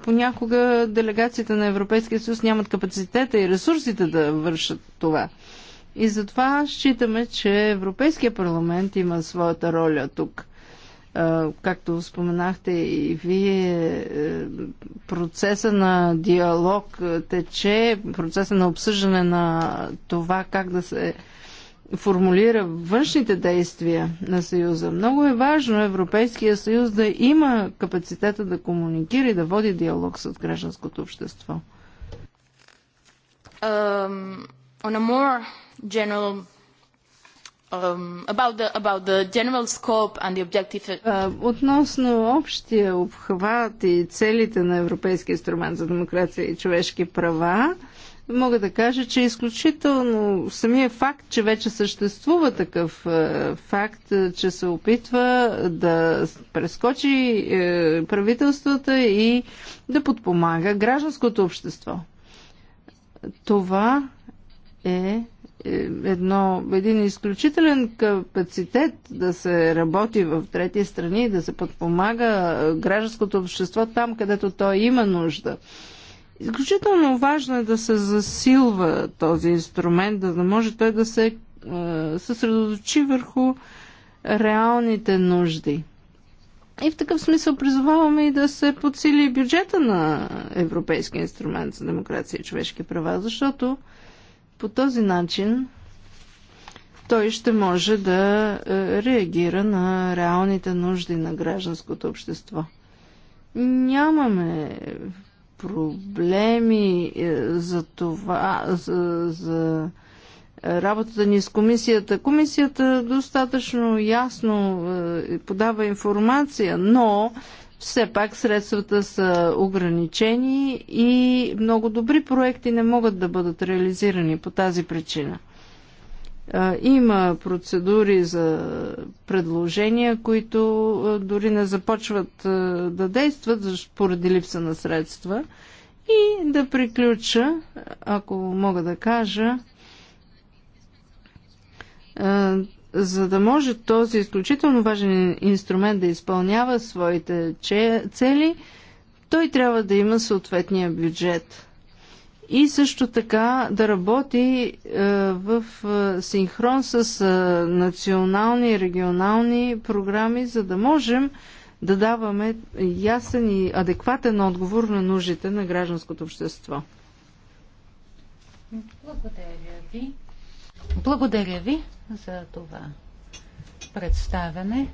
понякога делегациите на Европейския съюз нямат капацитета и ресурсите да вършат това. И затова считаме, че Европейския парламент има своята роля тук. Както споменахте и вие, е, процеса на диалог е, тече, процеса на обсъждане на това как да се формулира външните действия на Съюза. Много е важно Европейския съюз да има капацитета да комуникира и да води диалог с гражданското общество. Um, on a more general um, about the about the general scope and the objective uh, относно общия обхват и целите на Европейския инструмент за демокрация и човешки права, uh, мога да кажа, че е изключително самия факт, че вече съществува такъв е, факт, е, че се опитва да прескочи правителствата и да подпомага гражданското общество. Това е едно, един изключителен капацитет да се работи в трети страни, да се подпомага гражданското общество там, където то има нужда. Изключително важно е да се засилва този инструмент, да може той да се е, съсредоточи върху реалните нужди. И в такъв смисъл призоваваме и да се подсили бюджета на Европейския инструмент за демокрация и човешки права, защото по този начин той ще може да е, реагира на реалните нужди на гражданското общество. Нямаме проблеми е, за това, за, за работата ни с комисията. Комисията достатъчно ясно е, подава информация, но все пак средствата са ограничени и много добри проекти не могат да бъдат реализирани по тази причина. Има процедури за предложения, които дори не започват да действат поради липса на средства. И да приключа, ако мога да кажа, за да може този изключително важен инструмент да изпълнява своите цели, той трябва да има съответния бюджет и също така да работи е, в е, синхрон с е, национални и регионални програми, за да можем да даваме ясен и адекватен отговор на нуждите на гражданското общество. Благодаря ви. Благодаря ви за това представяне.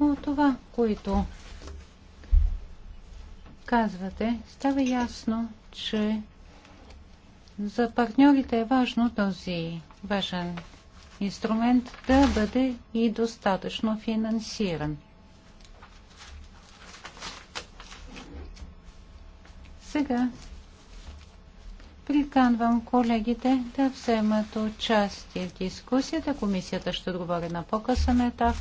Но това, което казвате, става ясно, че за партньорите е важно този важен инструмент да бъде и достатъчно финансиран. Сега приканвам колегите да вземат участие в дискусията. Комисията ще отговори на по-късен етап.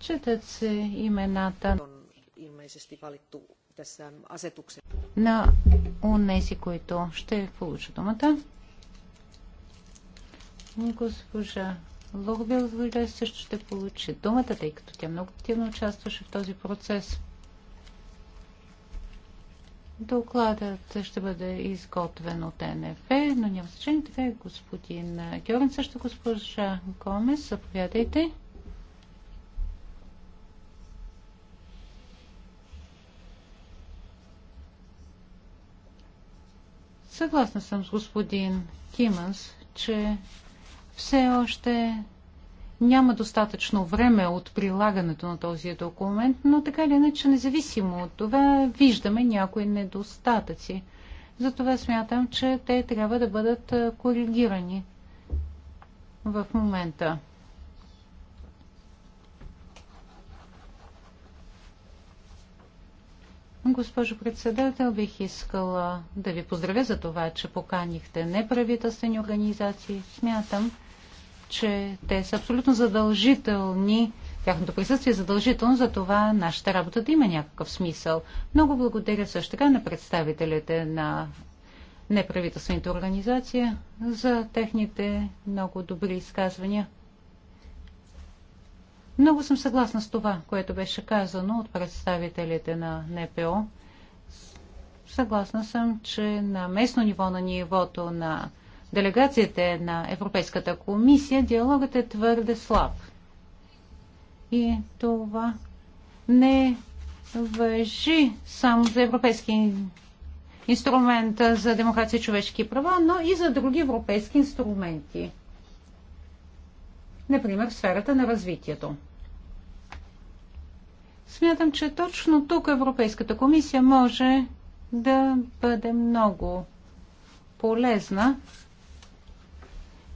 Четат се имената. Ilmeisesti valittu tässä ähm, asetuksen. На унеси, които ще получат думата. Госпожа Лорбел също ще получи думата, тъй като тя много активно участваше в този процес. Докладът ще бъде изготвен от НФ, но няма значение. Така е господин Георгин, също госпожа Гомес, заповядайте. Съгласна съм с господин Киманс, че все още няма достатъчно време от прилагането на този документ, но така или иначе, независимо от това, виждаме някои недостатъци. Затова смятам, че те трябва да бъдат коригирани в момента. Госпожо председател, бих искала да ви поздравя за това, че поканихте неправителствени организации. Смятам, че те са абсолютно задължителни. Тяхното присъствие е задължително, за това нашата работа да има някакъв смисъл. Много благодаря също така на представителите на неправителствените организации за техните много добри изказвания. Много съм съгласна с това, което беше казано от представителите на НПО. Съгласна съм, че на местно ниво, на нивото на делегациите на Европейската комисия, диалогът е твърде слаб. И това не въжи само за европейски инструмент за демокрация и човешки права, но и за други европейски инструменти. Например, в сферата на развитието. Смятам, че точно тук Европейската комисия може да бъде много полезна,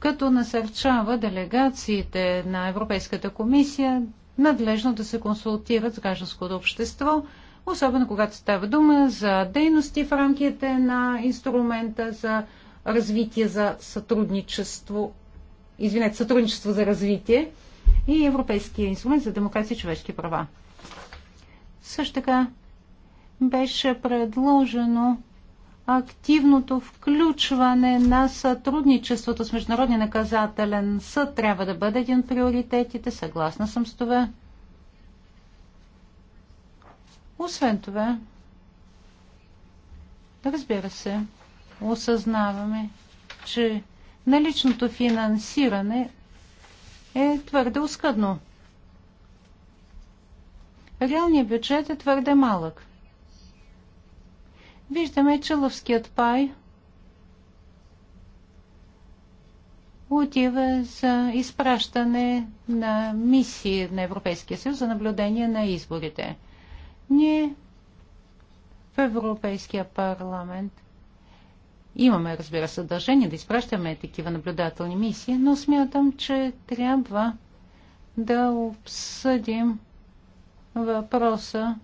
като насърчава делегациите на Европейската комисия надлежно да се консултират с гражданското общество, особено когато става дума за дейности в рамките на инструмента за развитие за сътрудничество, извинете, сътрудничество за развитие и Европейския инструмент за демокрация и човешки права. Също така беше предложено активното включване на сътрудничеството с Международния наказателен съд трябва да бъде един от приоритетите. Съгласна съм с това. Освен това, разбира се, осъзнаваме, че наличното финансиране е твърде оскъдно реалният бюджет е твърде малък. Виждаме, че лъвският пай отива за изпращане на мисии на Европейския съюз за наблюдение на изборите. Ние в Европейския парламент Имаме, разбира се, дължение да изпращаме такива наблюдателни мисии, но смятам, че трябва да обсъдим въпроса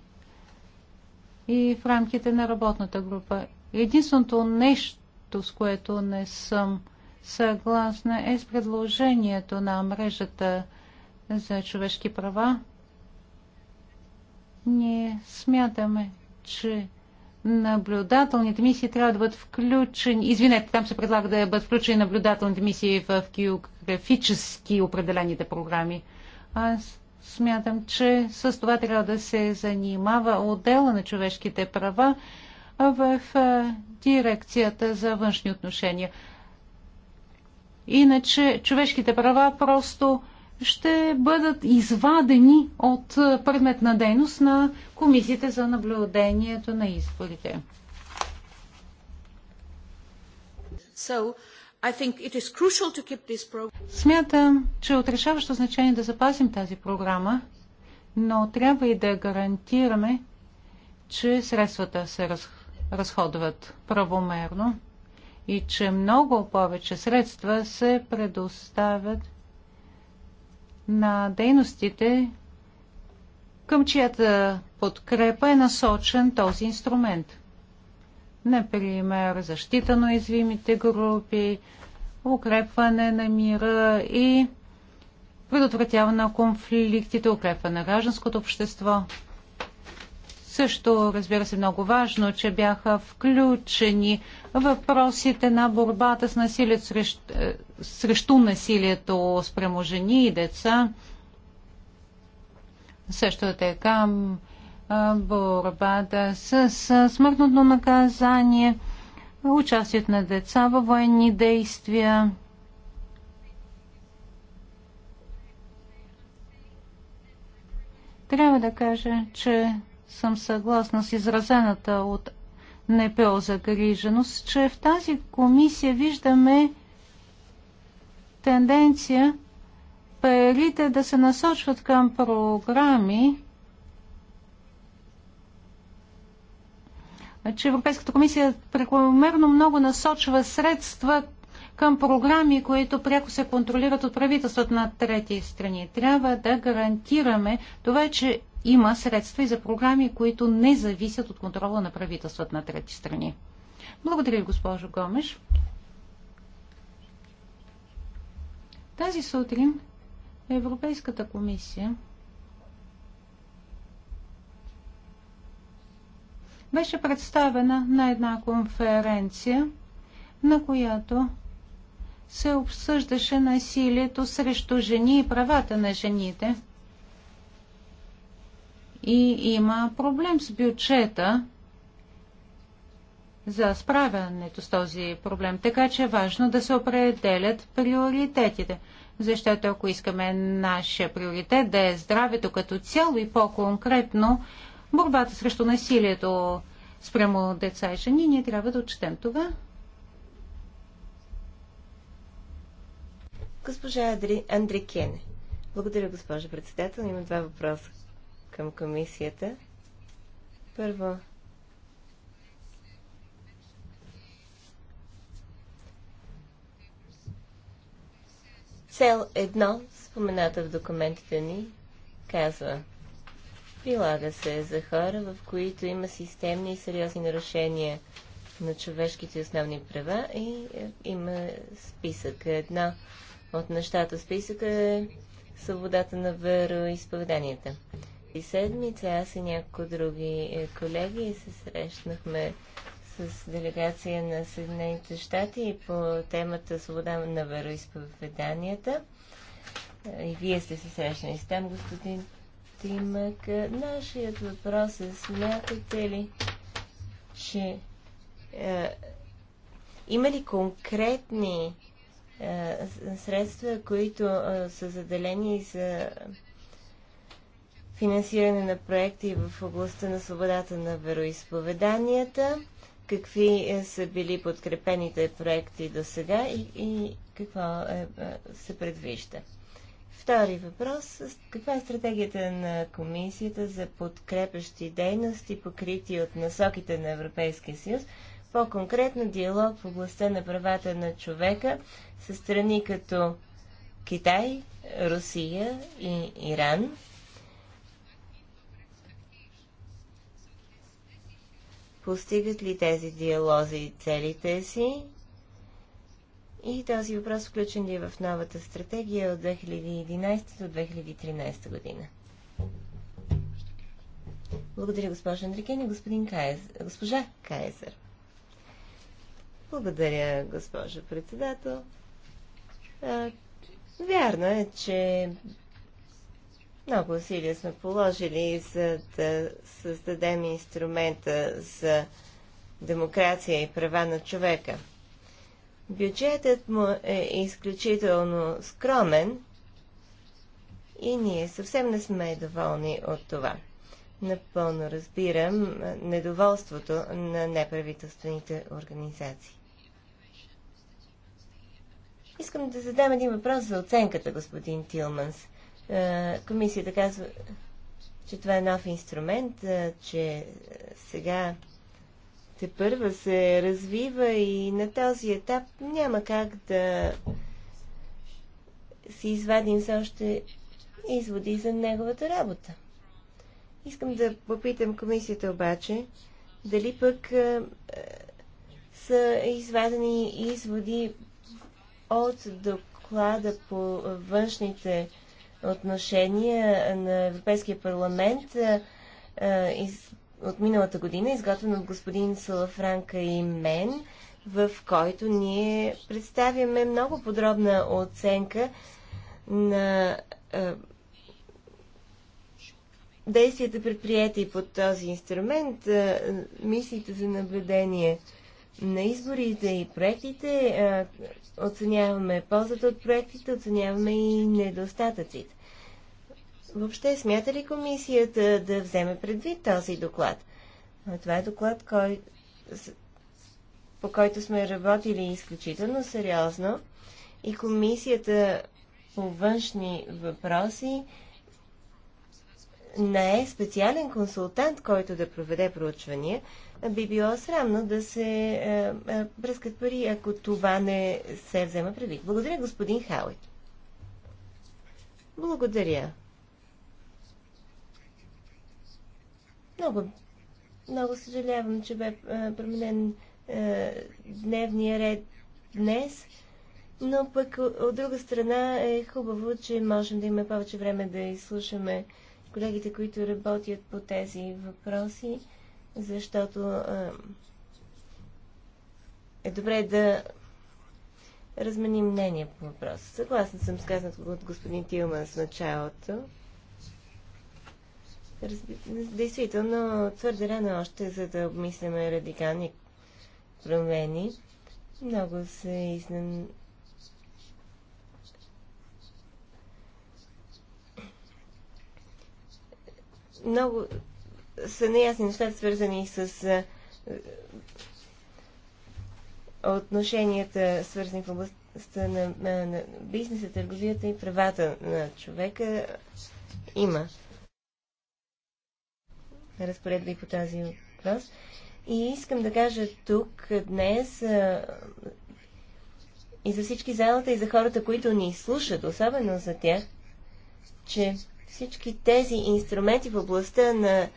и в рамките на работната група. Единственото нещо, с което не съм съгласна, е с предложението на мрежата за човешки права. Ние смятаме, че наблюдателните мисии трябва да бъдат включени. Извинете, там се предлага да бъдат включени наблюдателните мисии в географически определените програми. Аз смятам, че с това трябва да се занимава отдела на човешките права в дирекцията за външни отношения. Иначе човешките права просто ще бъдат извадени от предметна дейност на комисията за наблюдението на изборите. So, Смятам, че е от решаващо значение да запазим тази програма, но трябва и да гарантираме, че средствата се раз, разходват правомерно и че много повече средства се предоставят на дейностите, към чията подкрепа е насочен този инструмент например защита на уязвимите групи, укрепване на мира и предотвратяване на конфликтите, укрепване на гражданското общество. Също, разбира се, много важно, че бяха включени въпросите на борбата с насилието срещу, е, срещу насилието спрямо жени и деца. Също така борбата с смъртното наказание, участие на деца във военни действия. Трябва да кажа, че съм съгласна с изразената от НПО гриженост, че в тази комисия виждаме тенденция парите да се насочват към програми, че Европейската комисия прекомерно много насочва средства към програми, които пряко се контролират от правителството на трети страни. Трябва да гарантираме това, че има средства и за програми, които не зависят от контрола на правителството на трети страни. Благодаря ви, госпожо Гомеш. Тази сутрин Европейската комисия беше представена на една конференция, на която се обсъждаше насилието срещу жени и правата на жените. И има проблем с бюджета за справянето с този проблем. Така че е важно да се определят приоритетите. Защото ако искаме нашия приоритет да е здравето като цяло и по-конкретно борбата срещу насилието спрямо деца и жени, ние трябва да отчетем това. Госпожа Адри... Андрикене. Благодаря, госпожа председател. Имам два въпроса към комисията. Първо, Цел едно, спомената в документите ни, казва – прилага се за хора, в които има системни и сериозни нарушения на човешките основни права и е, има списък. Една от нещата в списъка е свободата на вероисповеданията. И седмица аз и някои други е, колеги се срещнахме с делегация на Съединените щати по темата свобода на вероисповеданията. Е, и вие сте се срещнали с там, господин Тимък. Нашият въпрос е, смятате ли, че е, има ли конкретни е, средства, които е, са заделени за финансиране на проекти в областта на свободата на вероисповеданията? Какви са били подкрепените проекти до сега и, и какво е, се предвижда? Втори въпрос. Каква е стратегията на комисията за подкрепящи дейности, покрити от насоките на Европейския съюз, по-конкретно диалог в областта на правата на човека с страни като Китай, Русия и Иран? Постигат ли тези диалози целите си? И този въпрос е включен ли е в новата стратегия от 2011 до 2013 година? Благодаря, госпожа Андрикен и господин Кайз... госпожа Кайзер. Благодаря, госпожа председател. А, вярно е, че много усилия сме положили за да създадем инструмента за демокрация и права на човека – Бюджетът му е изключително скромен и ние съвсем не сме доволни от това. Напълно разбирам недоволството на неправителствените организации. Искам да задам един въпрос за оценката, господин Тилманс. Е, комисията казва, че това е нов инструмент, е, че сега те първа се развива и на този етап няма как да си извадим за още изводи за неговата работа. Искам да попитам комисията обаче, дали пък е, са извадени изводи от доклада по външните отношения на Европейския парламент, е, из, от миналата година, изготвен от господин Салафранка и мен, в който ние представяме много подробна оценка на е, действията предприяти под този инструмент, е, мислите за наблюдение на изборите и проектите, е, оценяваме ползата от проектите, оценяваме и недостатъците. Въобще смята ли комисията да вземе предвид този доклад? Това е доклад, кой, по който сме работили изключително сериозно и комисията по външни въпроси не е специален консултант, който да проведе проучвания. Би било срамно да се бръскат е, е, пари, ако това не се взема предвид. Благодаря, господин Хауит. Благодаря, Много, много съжалявам, че бе е, променен е, дневния ред днес. Но пък от друга страна е хубаво, че можем да имаме повече време да изслушаме колегите, които работят по тези въпроси, защото е, е добре да разменим мнение по въпроса. Съгласна съм с казаното от господин Тилман с началото. Действително, твърде рано още, за да обмисляме радикални промени. Много се изнен... Много са неясни неща, свързани с отношенията, свързани в областта на, на, на бизнеса, търговията и правата на човека. Има разпоредби по този въпрос. И искам да кажа тук днес а, и за всички залата, и за хората, които ни слушат, особено за тях, че всички тези инструменти в областта на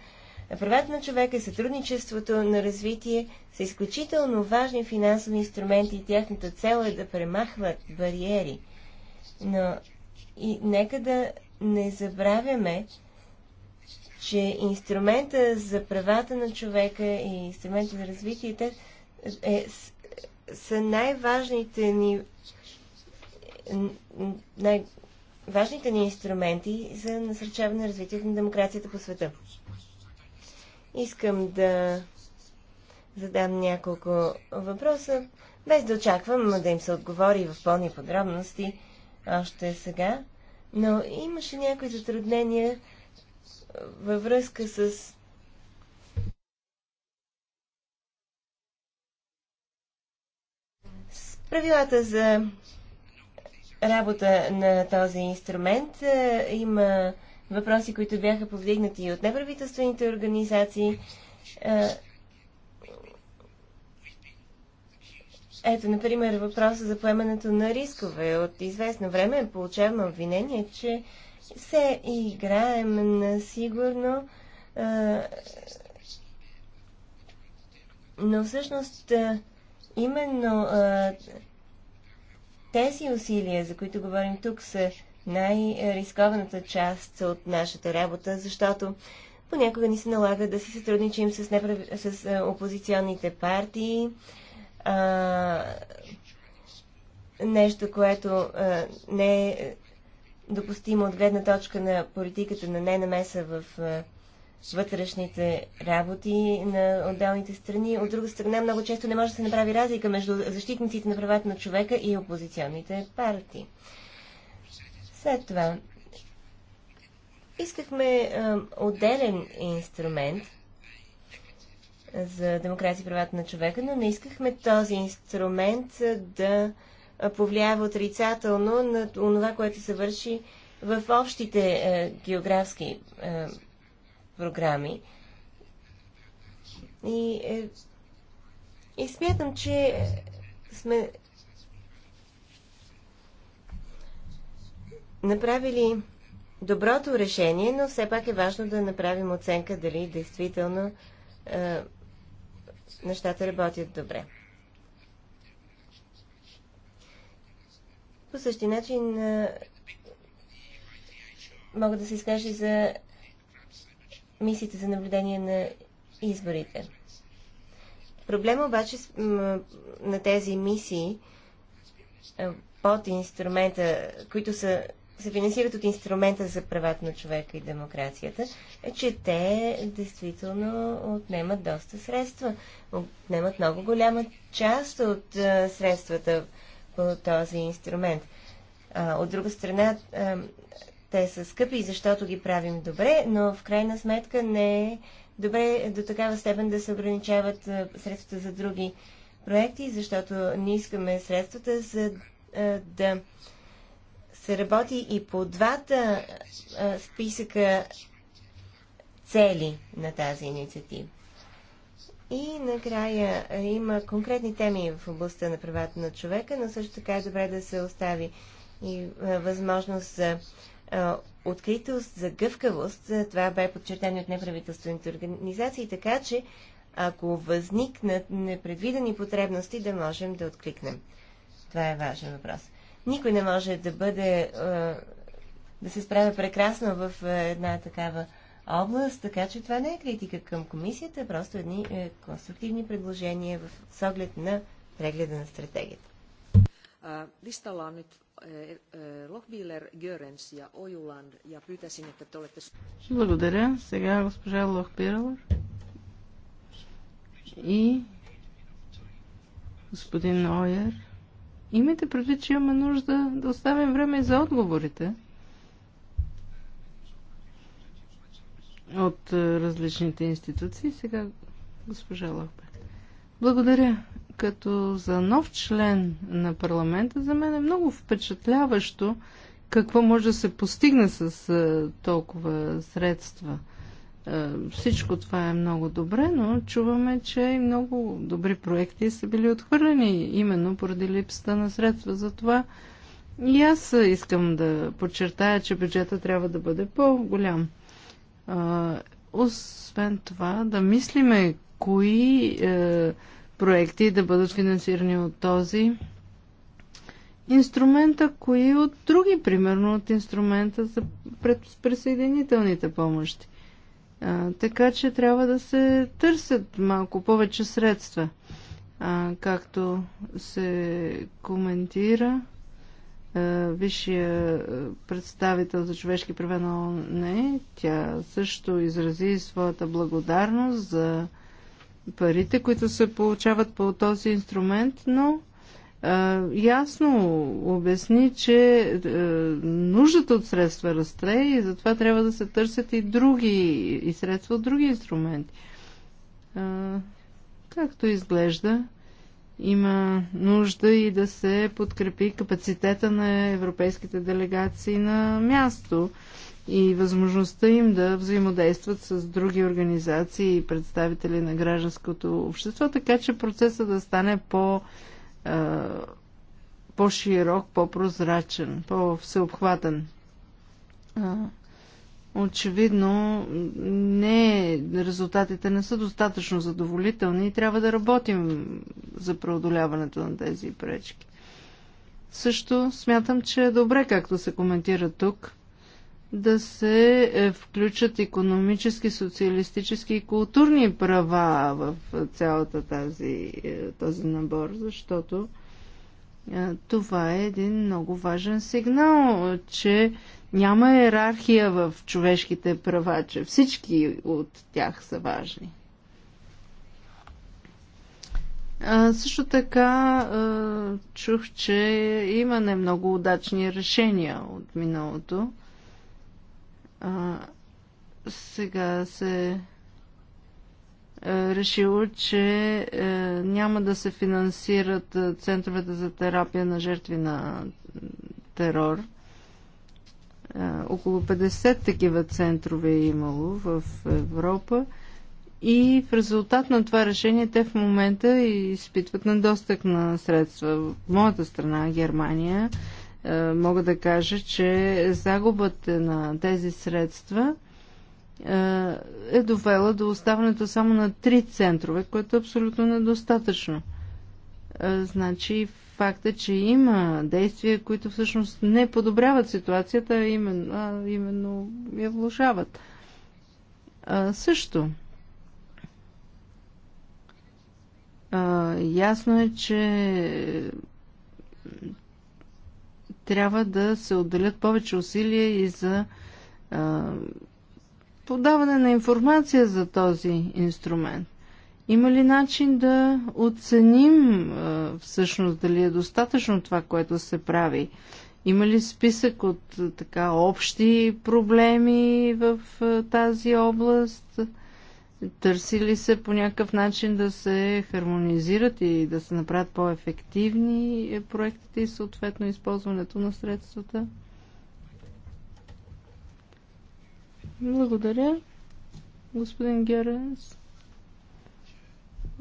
правата на човека и сътрудничеството на развитие са изключително важни финансови инструменти и тяхната цел е да премахват бариери. Но и нека да не забравяме, че инструмента за правата на човека и инструмента за развитие е, са най-важните ни най-важните ни инструменти за насърчаване на развитието на демокрацията по света. Искам да задам няколко въпроса, без да очаквам да им се отговори в пълни подробности още сега, но имаше някои затруднения във връзка с правилата за работа на този инструмент. Е, има въпроси, които бяха повдигнати и от неправителствените организации. Е, ето, например, въпроса за поемането на рискове. От известно време получавам обвинение, че се играем на сигурно, но всъщност именно тези усилия, за които говорим тук, са най-рискованата част от нашата работа, защото понякога ни се налага да си сътрудничим с, неправ... с опозиционните партии. А... Нещо, което а, не е допустимо от гледна точка на политиката на ненамеса в вътрешните работи на отделните страни. От друга страна, много често не може да се направи разлика между защитниците на правата на човека и опозиционните партии. След това, искахме а, отделен инструмент за демокрация и правата на човека, но не искахме този инструмент да повлиява отрицателно на това, което се върши в общите е, географски е, програми. И, е, и смятам, че сме направили доброто решение, но все пак е важно да направим оценка дали действително е, нещата работят добре. По същия начин мога да се изкажа за мисиите за наблюдение на изборите. Проблема обаче на тези мисии под инструмента, които са, се финансират от инструмента за правата на човека и демокрацията, е, че те действително отнемат доста средства. Отнемат много голяма част от средствата по този инструмент. А, от друга страна, а, те са скъпи, защото ги правим добре, но в крайна сметка не е добре до такава степен да се ограничават средствата за други проекти, защото не искаме средствата за да се работи и по двата списъка цели на тази инициатива. И накрая е, има конкретни теми в областта на правата на човека, но също така е добре да се остави и е, възможност за е, откритост, за гъвкавост. Това бе подчертано от неправителствените организации, така че ако възникнат непредвидени потребности, да можем да откликнем. Това е важен въпрос. Никой не може да бъде, да се справя прекрасно в една такава област, така че това не е критика към комисията, просто едни е, конструктивни предложения в, оглед на прегледа на стратегията. Е, on nyt е, е, Lohbiller, Görens ja Ojuland ja pyytäisin, että te olette... Благодаря. Сега госпожа Лохбилер и господин Ойер. Имайте предвид, че имаме нужда да оставим време за отговорите. от е, различните институции. Сега госпожа Лахбе. Благодаря. Като за нов член на парламента, за мен е много впечатляващо какво може да се постигне с е, толкова средства. Е, всичко това е много добре, но чуваме, че и много добри проекти са били отхвърлени, именно поради липсата на средства. за това. и аз искам да подчертая, че бюджета трябва да бъде по-голям. А, освен това, да мислиме кои е, проекти да бъдат финансирани от този инструмента, кои от други, примерно от инструмента за присъединителните помощи. А, така че трябва да се търсят малко повече средства. А, както се коментира, е, висшия е, представител за човешки права на ОНЕ, Тя също изрази своята благодарност за парите, които се получават по този инструмент, но а, е, ясно обясни, че а, нуждата от средства расте и затова трябва да се търсят и други и средства от други инструменти. А, както изглежда, има нужда и да се подкрепи капацитета на европейските делегации на място и възможността им да взаимодействат с други организации и представители на гражданското общество, така че процесът да стане по- по-широк, по-прозрачен, по-всеобхватен. Очевидно, не, резултатите не са достатъчно задоволителни и трябва да работим за преодоляването на тези пречки. Също смятам, че е добре, както се коментира тук, да се е, включат економически, социалистически и културни права в е, цялата тази, е, този набор, защото това е един много важен сигнал, че няма иерархия в човешките права, че всички от тях са важни. А, също така а, чух, че има не много удачни решения от миналото. А, сега се решило, че няма да се финансират центровете за терапия на жертви на терор – около 50 такива центрове е имало в Европа и в резултат на това решение те в момента изпитват недостъг на средства. В моята страна, Германия, мога да кажа, че загубата на тези средства е довела до оставането само на три центрове, което е абсолютно недостатъчно. Значи в факта, че има действия, които всъщност не подобряват ситуацията, а именно, а именно я влушават. А, също, а, ясно е, че трябва да се отделят повече усилия и за а, подаване на информация за този инструмент. Има ли начин да оценим всъщност дали е достатъчно това, което се прави? Има ли списък от така общи проблеми в тази област? Търси ли се по някакъв начин да се хармонизират и да се направят по-ефективни е, проектите и съответно използването на средствата? Благодаря, господин Геренс.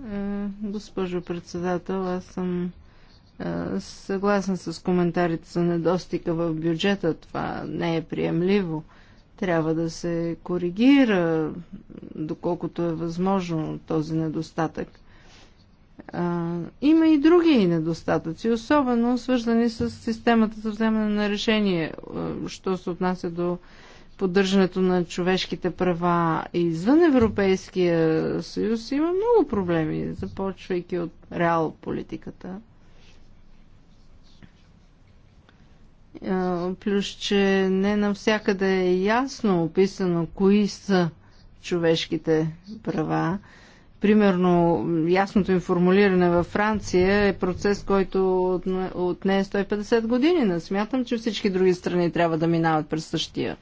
Е, госпожо председател, аз съм е, съгласна с коментарите за недостига в бюджета. Това не е приемливо. Трябва да се коригира, доколкото е възможно, този недостатък. А, има и други недостатъци, особено свързани с системата за вземане на решение, е, що се отнася до поддържането на човешките права извън Европейския съюз има много проблеми, започвайки от реал политиката. Плюс, че не навсякъде е ясно описано кои са човешките права. Примерно, ясното им формулиране във Франция е процес, който отне 150 години. Не смятам, че всички други страни трябва да минават през същия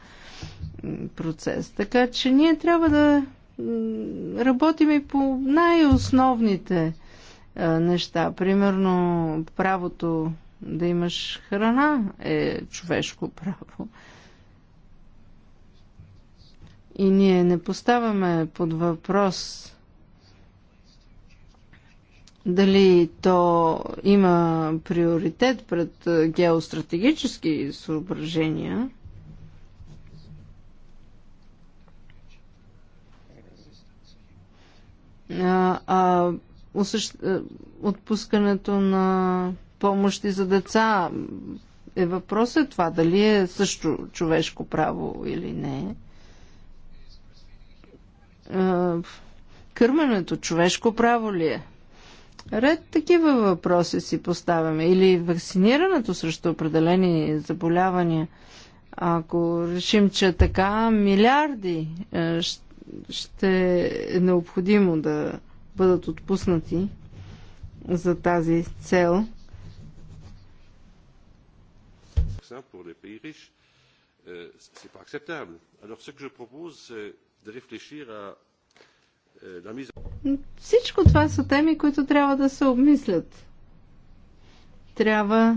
процес. Така че ние трябва да работим и по най-основните неща. Примерно правото да имаш храна е човешко право. И ние не поставяме под въпрос дали то има приоритет пред геостратегически съображения. а отпускането на помощи за деца е въпросът е това дали е също човешко право или не. Кърменето човешко право ли е? Ред такива въпроси си поставяме. Или вакцинирането срещу определени заболявания. Ако решим, че така, милиарди ще ще е необходимо да бъдат отпуснати за тази цел. Euh, euh, Всичко това са теми, които трябва да се обмислят. Трябва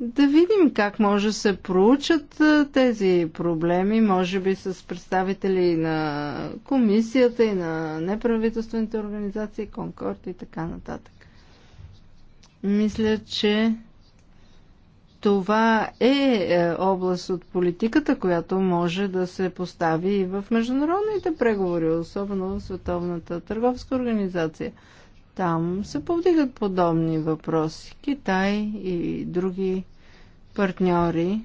да видим как може да се проучат тези проблеми, може би с представители на комисията и на неправителствените организации, Конкорд и така нататък. Мисля, че това е, е област от политиката, която може да се постави и в международните преговори, особено в Световната търговска организация – там се повдигат подобни въпроси. Китай и други партньори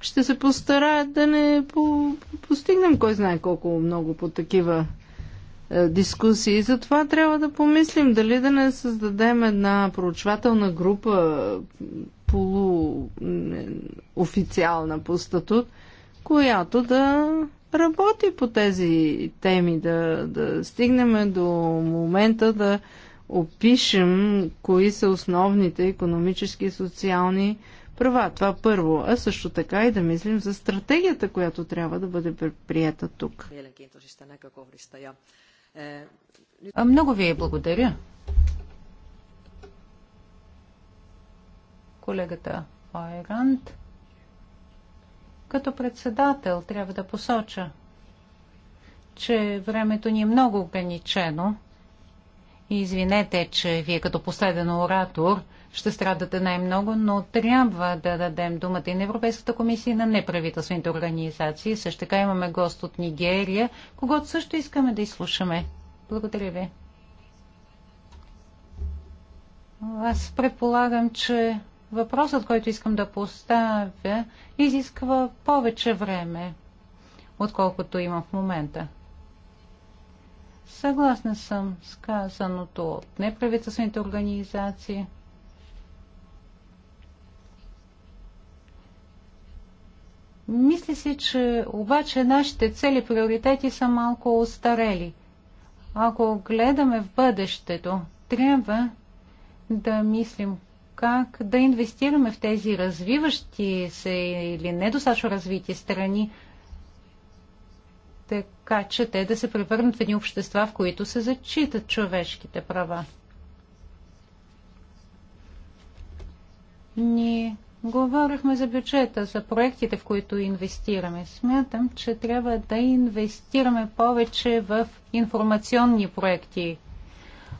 ще се постараят да не по- постигнем кой знае колко много по такива е, дискусии. Затова трябва да помислим дали да не създадем една проучвателна група полуофициална по статут, която да работи по тези теми, да, да стигнем до момента да опишем кои са основните економически и социални права. Това първо, а също така и да мислим за стратегията, която трябва да бъде предприета тук. А, много ви благодаря. Колегата Файрант. Като председател трябва да посоча, че времето ни е много ограничено. И извинете, че вие като последен оратор ще страдате най-много, но трябва да дадем думата и на Европейската комисия, и на неправителствените организации. Също така имаме гост от Нигерия, когато също искаме да изслушаме. Благодаря ви. Аз предполагам, че Въпросът, който искам да поставя, изисква повече време, отколкото имам в момента. Съгласна съм с казаното от неправителствените организации. Мисля си, че обаче нашите цели и приоритети са малко устарели. Ако гледаме в бъдещето, трябва да мислим как да инвестираме в тези развиващи се или недостатъчно развити страни, така че те да се превърнат в едни общества, в които се зачитат човешките права. Ние говорихме за бюджета, за проектите, в които инвестираме. Смятам, че трябва да инвестираме повече в информационни проекти,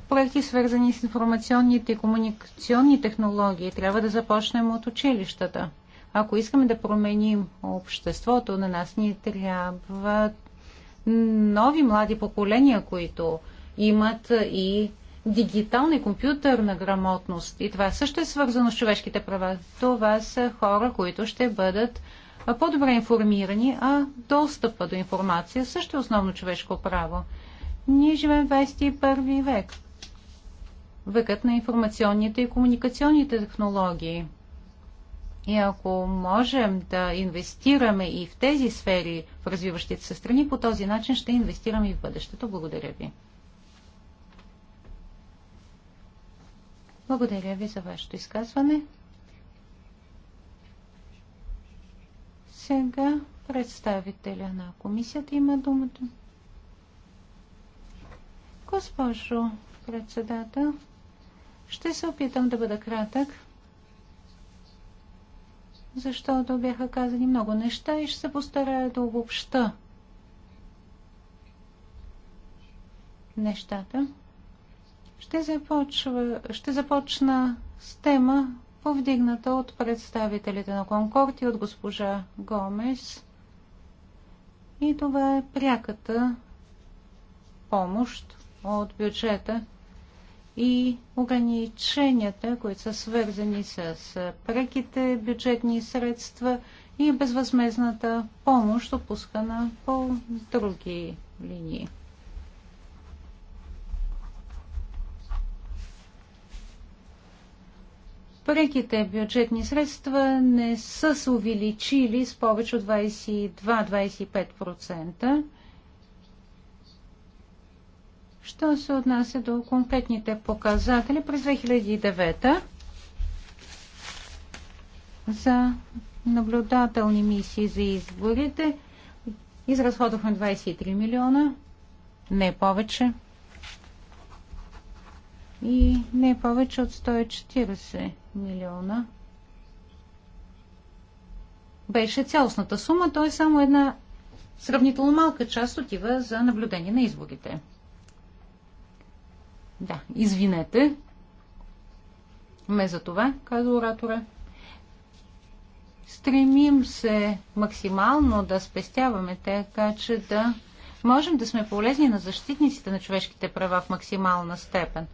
проекти, свързани с информационните и комуникационни технологии, трябва да започнем от училищата. Ако искаме да променим обществото, на нас ни трябва нови млади поколения, които имат и дигитална и компютърна грамотност. И това също е свързано с човешките права. Това са хора, които ще бъдат по-добре информирани, а достъпа до информация също е основно човешко право. Ние живеем в 21 век векът на информационните и комуникационните технологии. И ако можем да инвестираме и в тези сфери в развиващите се страни, по този начин ще инвестираме и в бъдещето. Благодаря ви. Благодаря ви за вашето изказване. Сега представителя на комисията има думата. Госпожо председател, ще се опитам да бъда кратък, защото бяха казани много неща и ще се постарая да обобща нещата. Ще, започва, ще започна с тема, повдигната от представителите на Конкорд и от госпожа Гомес. И това е пряката помощ от бюджета и ограниченията, които са свързани с преките бюджетни средства и безвъзмезната помощ, опускана по други линии. преките бюджетни средства не са се увеличили с повече от 22-25%, Що се отнася до конкретните показатели през 2009 за наблюдателни мисии за изборите изразходвахме 23 милиона, не повече и не повече от 140 милиона. Беше цялостната сума, е само една сравнително малка част отива за наблюдение на изборите. Да, извинете ме за това, казва оратора. Стремим се максимално да спестяваме, така че да можем да сме полезни на защитниците на човешките права в максимална степен.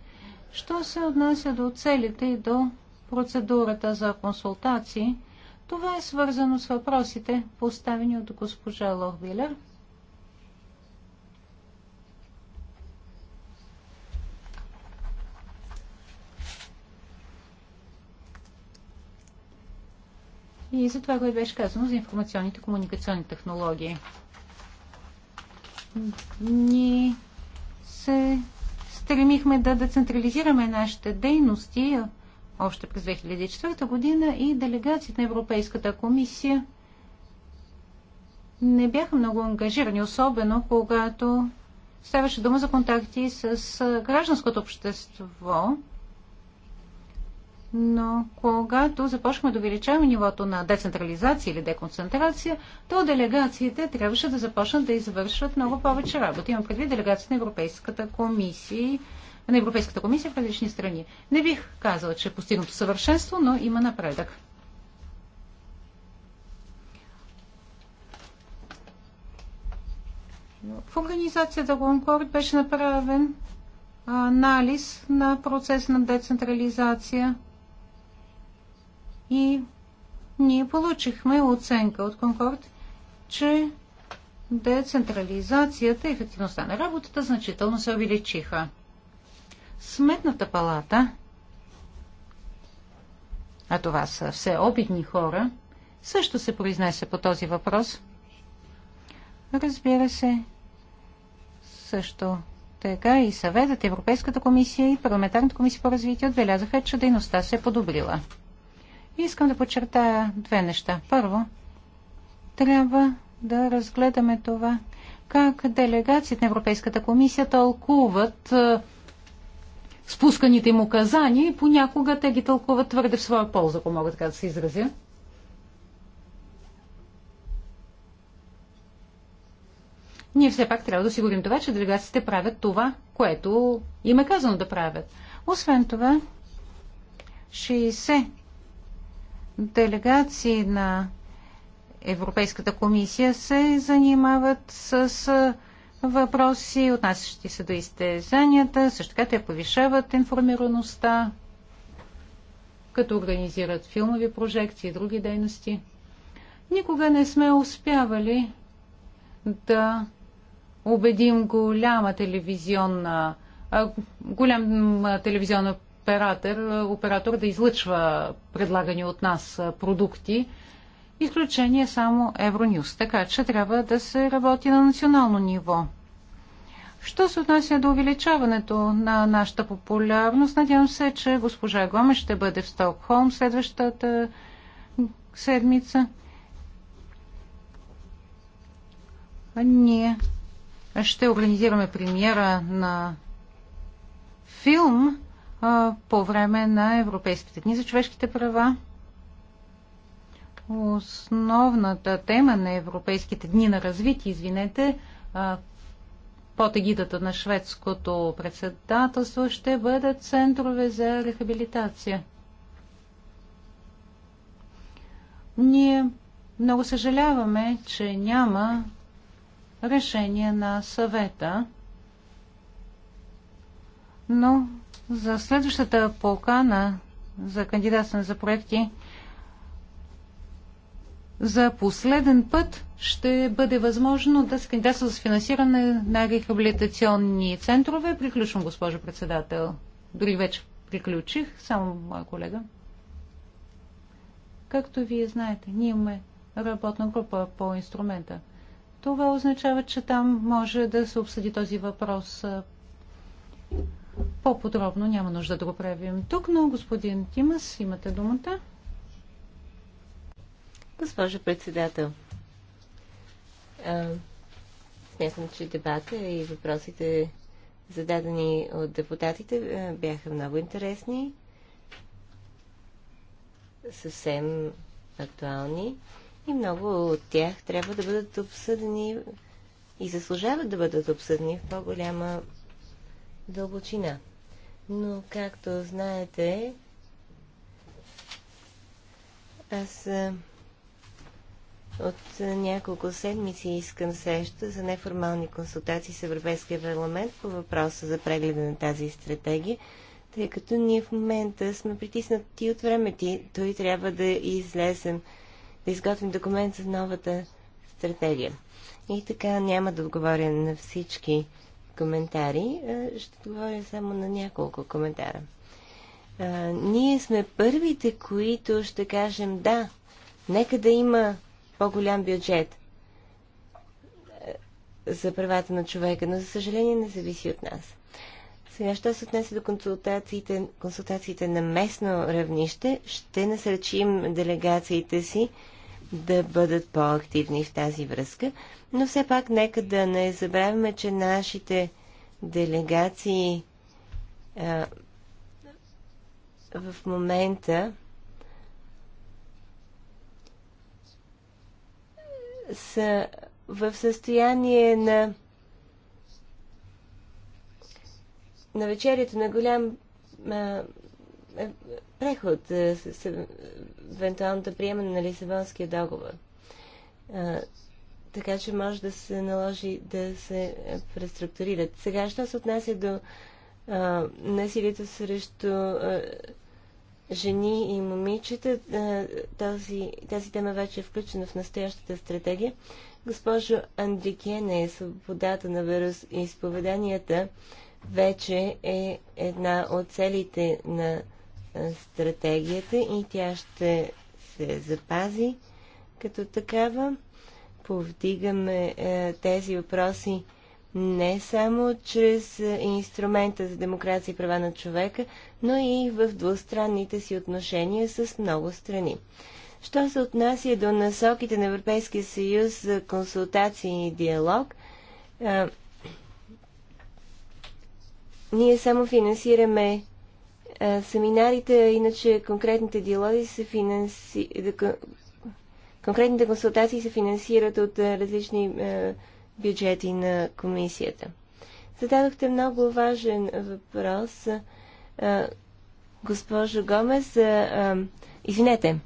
Що се отнася до целите и до процедурата за консултации, това е свързано с въпросите, поставени от госпожа Лохвилер. и за това, което беше казано за информационните и комуникационни технологии. Ние се стремихме да децентрализираме нашите дейности още през 2004 година и делегацията на Европейската комисия не бяха много ангажирани, особено когато ставаше дума за контакти с гражданското общество, но когато започваме да увеличаваме нивото на децентрализация или деконцентрация, то делегациите трябваше да започнат да извършват много повече работа. Имам предвид делегацията на Европейската комисия на Европейската комисия в различни страни. Не бих казала, че е постигнато съвършенство, но има напредък. В организацията Гонкорд беше направен анализ на процес на децентрализация и ние получихме оценка от Конкорд, че децентрализацията и ефективността на работата значително се увеличиха. Сметната палата, а това са все обидни хора, също се произнесе по този въпрос. Разбира се, също така и съветът, Европейската комисия и парламентарната комисия по развитие отбелязаха, че дейността се е подобрила. Искам да подчертая две неща. Първо, трябва да разгледаме това как делегациите на Европейската комисия тълкуват е, спусканите им указания и понякога те ги тълкуват твърде в своя полза, ако мога така да се изразя. Ние все пак трябва да осигурим това, че делегациите правят това, което им е казано да правят. Освен това, делегации на Европейската комисия се занимават с въпроси, отнасящи се до изтезанията. Също така те повишават информираността, като организират филмови прожекции и други дейности. Никога не сме успявали да убедим голяма телевизионна голям телевизионна оператор, оператор да излъчва предлагани от нас продукти. Изключение е само Евронюс, така че трябва да се работи на национално ниво. Що се отнася до увеличаването на нашата популярност, надявам се, че госпожа Гоме ще бъде в Стокхолм следващата седмица. А ние ще организираме премиера на филм по време на Европейските дни за човешките права. Основната тема на Европейските дни на развитие, извинете, под егидата на шведското председателство ще бъдат центрове за рехабилитация. Ние много съжаляваме, че няма решение на съвета, но за следващата покана за кандидатстване за проекти за последен път ще бъде възможно да се кандидатства за финансиране на рехабилитационни центрове. Приключвам, госпожо председател. Дори вече приключих, само моя колега. Както вие знаете, ние имаме работна група по инструмента. Това означава, че там може да се обсъди този въпрос по-подробно няма нужда да го правим тук, но господин Тимас, имате думата. Госпожо председател, смятам, че дебата и въпросите зададени от депутатите бяха много интересни, съвсем актуални и много от тях трябва да бъдат обсъдени и заслужават да бъдат обсъдени в по-голяма дълбочина. Но, както знаете, аз от няколко седмици искам среща за неформални консултации с Европейския парламент по въпроса за прегледа на тази стратегия, тъй като ние в момента сме притиснати от времето той трябва да излезем, да изготвим документ за новата стратегия. И така няма да отговоря на всички коментари. Е, ще говоря само на няколко коментара. А, е, ние сме първите, които ще кажем да, нека да има по-голям бюджет е, за правата на човека, но за съжаление не зависи от нас. Сега, що се отнесе до консултациите, консултациите на местно равнище, ще насръчим делегациите си да бъдат по-активни в тази връзка. Но все пак нека да не забравяме, че нашите делегации а, в момента са в състояние на на вечерята на голям а, преход е, с евентуалното приемане на Лисабонския договор. Така че може да се наложи да се преструктурират. Сега, що се отнася до насилието срещу жени и момичета, този, тази тема вече е включена в настоящата стратегия. Госпожо Андрикене, свободата на вирус и изповеданията вече е една от целите на стратегията и тя ще се запази като такава. Повдигаме е, тези въпроси не само чрез е, инструмента за демокрация и права на човека, но и в двустранните си отношения с много страни. Що се отнася до насоките на Европейския съюз за консултации и диалог, е, ние само финансираме семинарите, иначе конкретните диалози се финанси... конкретните консултации се финансират от различни бюджети на комисията. Зададохте много важен въпрос, госпожо Гомес, извинете,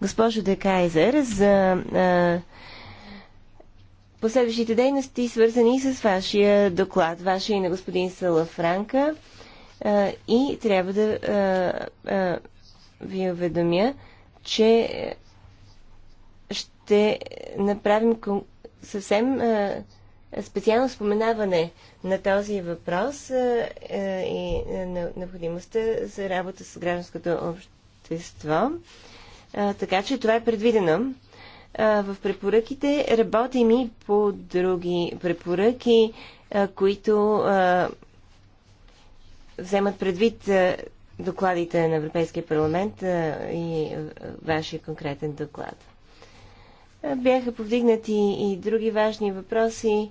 госпожо Декайзер, за последващите дейности, свързани с вашия доклад, вашия и на господин Салафранка. Франка и трябва да ви уведомя, че ще направим съвсем специално споменаване на този въпрос и на необходимостта за работа с гражданското общество. Така че това е предвидено. В препоръките работим и по други препоръки, които вземат предвид е, докладите на Европейския парламент е, и е, вашия конкретен доклад. Бяха повдигнати и други важни въпроси,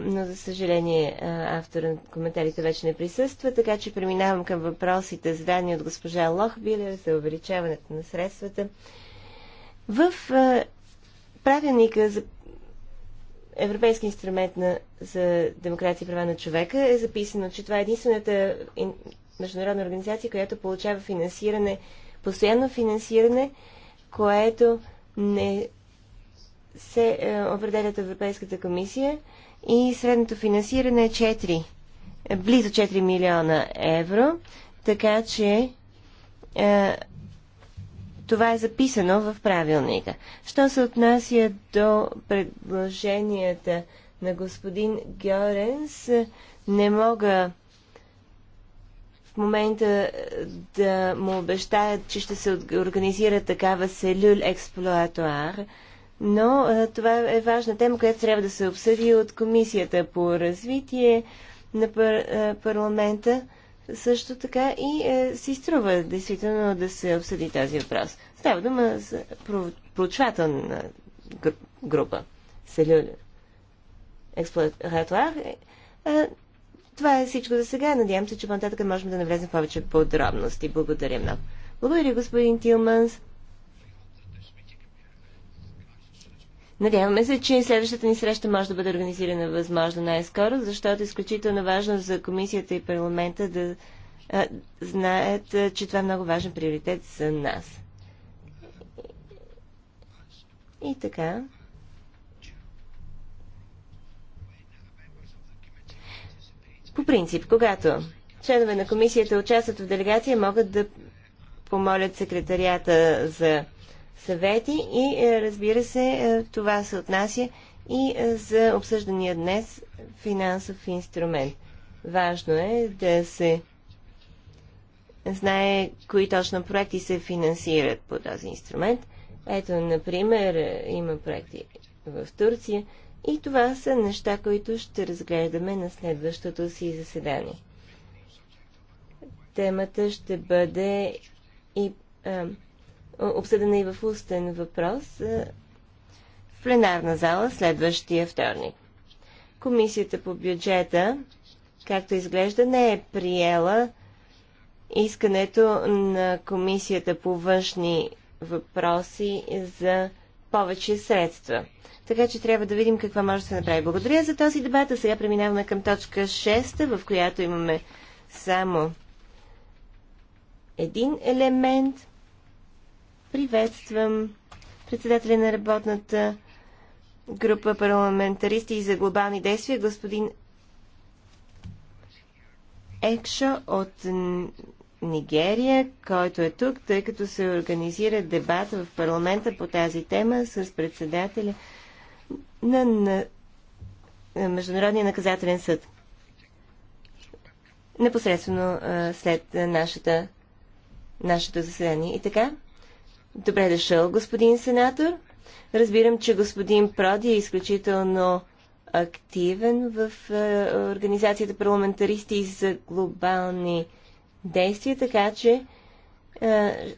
но за съжаление автора на коментарите вече не присъства, така че преминавам към въпросите зададени от госпожа Лохбилер за увеличаването на средствата. В правилника за Европейски инструмент на, за демокрация и права на човека е записано, че това е единствената международна организация, която получава финансиране, постоянно финансиране, което не се е, определят Европейската комисия и средното финансиране е 4, е, близо 4 милиона евро, така че е, това е записано в правилника. Що се отнася до предложенията на господин Георенс, не мога в момента е, да му обещаят, че ще се организира такава селюль експлуатуар, но е, това е важна тема, която трябва да се обсъди от Комисията по развитие на е, парламента също така и е, си струва действително да се обсъди този въпрос. Става дума за проучвателна група. Селюля. Експлуататуар. Е, е, това е всичко за сега. Надявам се, че по-нататък можем да навлезем в повече подробности. Благодаря много. Благодаря, господин Тилманс. Надяваме се, че следващата ни среща може да бъде организирана възможно най-скоро, защото е изключително важно за комисията и парламента да а, знаят, че това е много важен приоритет за нас. И така. По принцип, когато членове на комисията участват в делегация, могат да помолят секретарията за съвети и е, разбира се, е, това се отнася и е, за обсъждания днес финансов инструмент. Важно е да се знае кои точно проекти се финансират по този инструмент. Ето, например, има проекти в Турция и това са неща, които ще разгледаме на следващото си заседание. Темата ще бъде и а, обсъдена и в устен въпрос е, в пленарна зала следващия вторник. Комисията по бюджета, както изглежда, не е приела искането на Комисията по външни въпроси за повече средства. Така че трябва да видим какво може да се направи. Благодаря за този дебат. А сега преминаваме към точка 6, в която имаме само един елемент. Приветствам председателя на работната група парламентаристи за глобални действия, господин Екша от Нигерия, който е тук, тъй като се организира дебат в парламента по тази тема с председателя на, на, на Международния наказателен съд. Непосредствено а, след нашата, нашето заседание. И така, Добре дошъл, господин сенатор. Разбирам, че господин Проди е изключително активен в е, Организацията парламентаристи за глобални действия, така че е,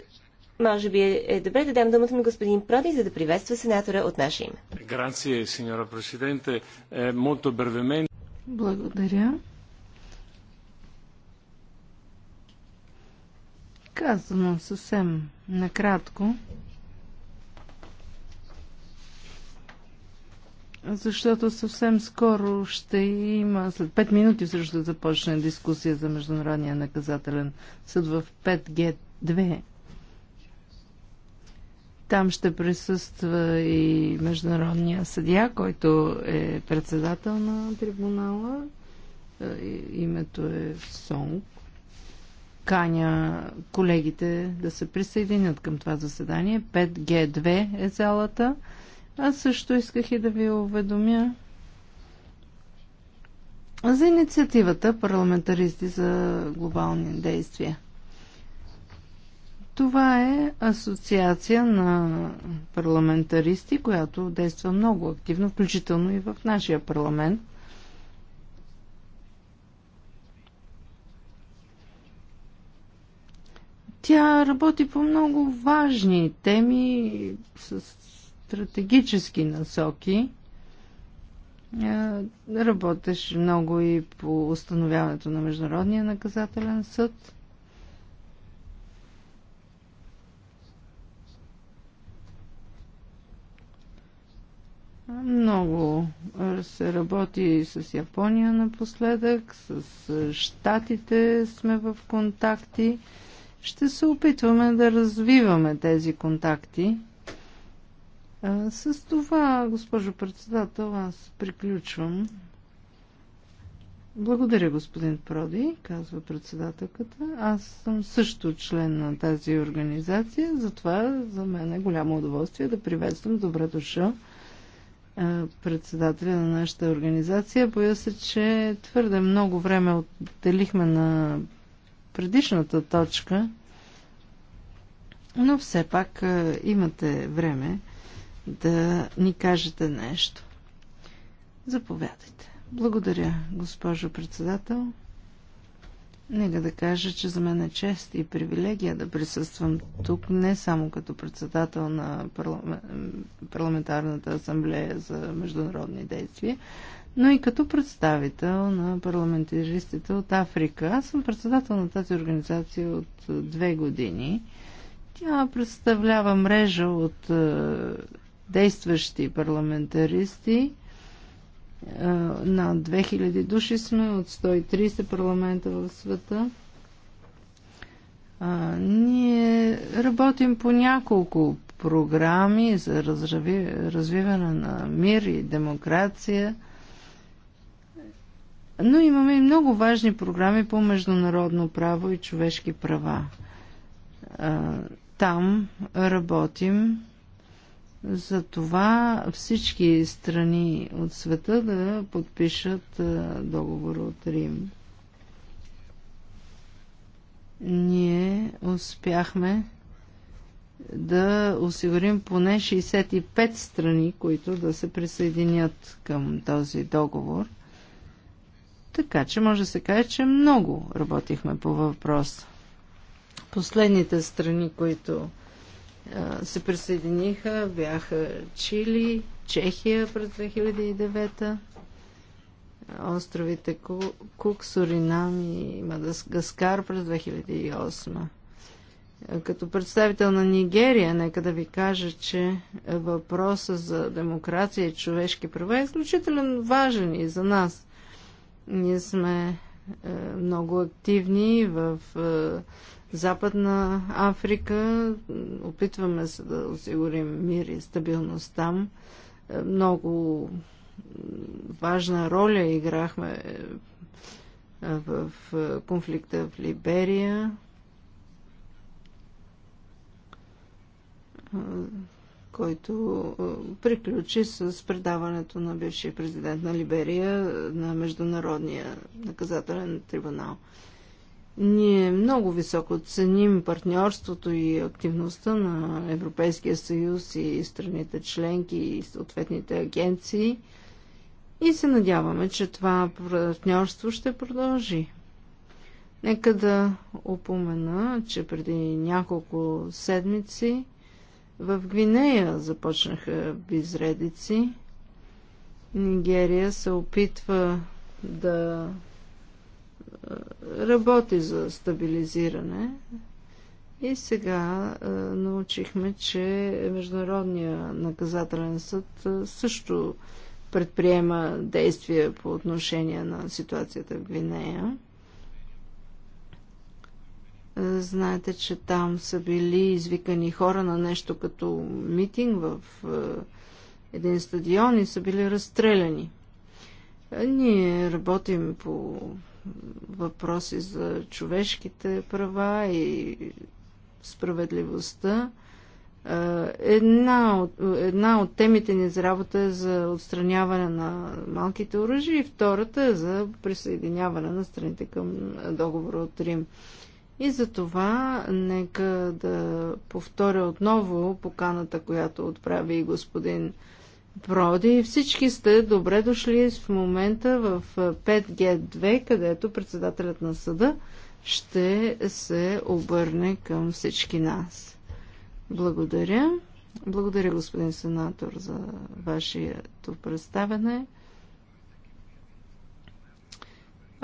може би е, е добре да дам думата на господин Проди, за да приветства сенатора от наше име. Е, Благодаря. Казано съвсем накратко, защото съвсем скоро ще има, след 5 минути също да започне дискусия за Международния наказателен съд в 5G2. Там ще присъства и международния съдия, който е председател на трибунала. Е, името е Сонг каня колегите да се присъединят към това заседание. 5G2 е залата. Аз също исках и да ви уведомя за инициативата Парламентаристи за глобални действия. Това е асоциация на парламентаристи, която действа много активно, включително и в нашия парламент – Тя работи по много важни теми с стратегически насоки. Е, работеше много и по установяването на Международния наказателен съд. Много е, се работи с Япония напоследък, с е, Штатите сме в контакти. Ще се опитваме да развиваме тези контакти. А, с това, госпожо председател, аз приключвам. Благодаря, господин Проди, казва председателката. Аз съм също член на тази организация, затова за мен е голямо удоволствие да приветствам добре душа председателя на нашата организация. Боя се, че твърде много време отделихме на предишната точка, но все пак е, имате време да ни кажете нещо. Заповядайте. Благодаря, госпожо председател. Нека да кажа, че за мен е чест и привилегия да присъствам тук не само като председател на парламентарната асамблея за международни действия, но и като представител на парламентаристите от Африка. Аз съм председател на тази организация от е, две години. Тя представлява мрежа от е, действащи парламентаристи. Е, на 2000 души сме от 130 парламента в света. ние работим по няколко програми за развиване на мир и демокрация – но имаме и много важни програми по международно право и човешки права. Там работим за това всички страни от света да подпишат договор от Рим. Ние успяхме да осигурим поне 65 страни, които да се присъединят към този договор – така че може да се каже, че много работихме по въпроса. Последните страни, които се присъединиха, бяха Чили, Чехия през 2009, островите Кук, Суринам и Мадагаскар през 2008. Като представител на Нигерия, нека да ви кажа, че въпросът за демокрация и човешки права е изключително важен и за нас – ние сме е, много активни в е, Западна Африка. Опитваме се да осигурим мир и стабилност там. Е, много важна роля играхме в конфликта в Либерия който приключи с предаването на бившия президент на Либерия на Международния наказателен трибунал. Ние много високо ценим партньорството и активността на Европейския съюз и страните членки и съответните агенции и се надяваме, че това партньорство ще продължи. Нека да опомена, че преди няколко седмици в Гвинея започнаха безредици. Нигерия се опитва да работи за стабилизиране. И сега научихме, че Международния наказателен съд също предприема действия по отношение на ситуацията в Гвинея. Знаете, че там са били извикани хора на нещо като митинг в е, един стадион и са били разстреляни. Ние работим по въпроси за човешките права и справедливостта. Една от, една от темите ни за работа е за отстраняване на малките оръжия и втората е за присъединяване на страните към договора от Рим. И за това нека да повторя отново поканата, която отправи господин Проди. Всички сте добре дошли в момента в 5G2, където председателят на съда ще се обърне към всички нас. Благодаря. Благодаря, господин сенатор, за вашето представене.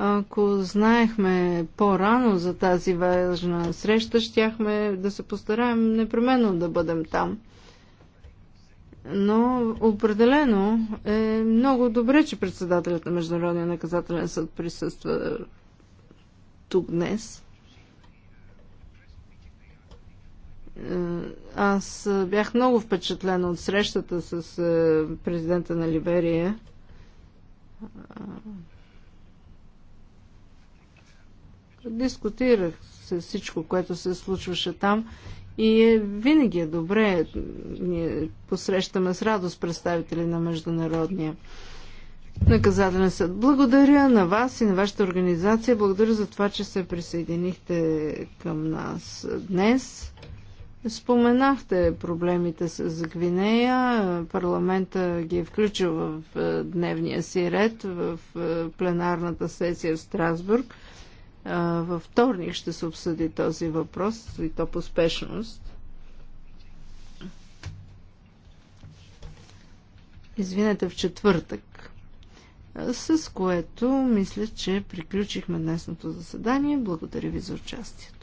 Ако знаехме по-рано за тази важна среща, щяхме да се постараем непременно да бъдем там. Но определено е много добре, че председателят на Международния наказателен съд присъства тук днес. Е, аз бях много впечатлена от срещата с е, президента на Либерия Дискутирах с всичко, което се случваше там и е винаги е добре. Ние посрещаме с радост представители на Международния наказателен съд. Благодаря на вас и на вашата организация. Благодаря за това, че се присъединихте към нас днес. Споменахте проблемите с Гвинея. Парламента ги е включил в е, дневния си ред в е, пленарната сесия в Страсбург. Във вторник ще се обсъди този въпрос и то по спешност. Извинете, в четвъртък. С което мисля, че приключихме днесното заседание. Благодаря ви за участието.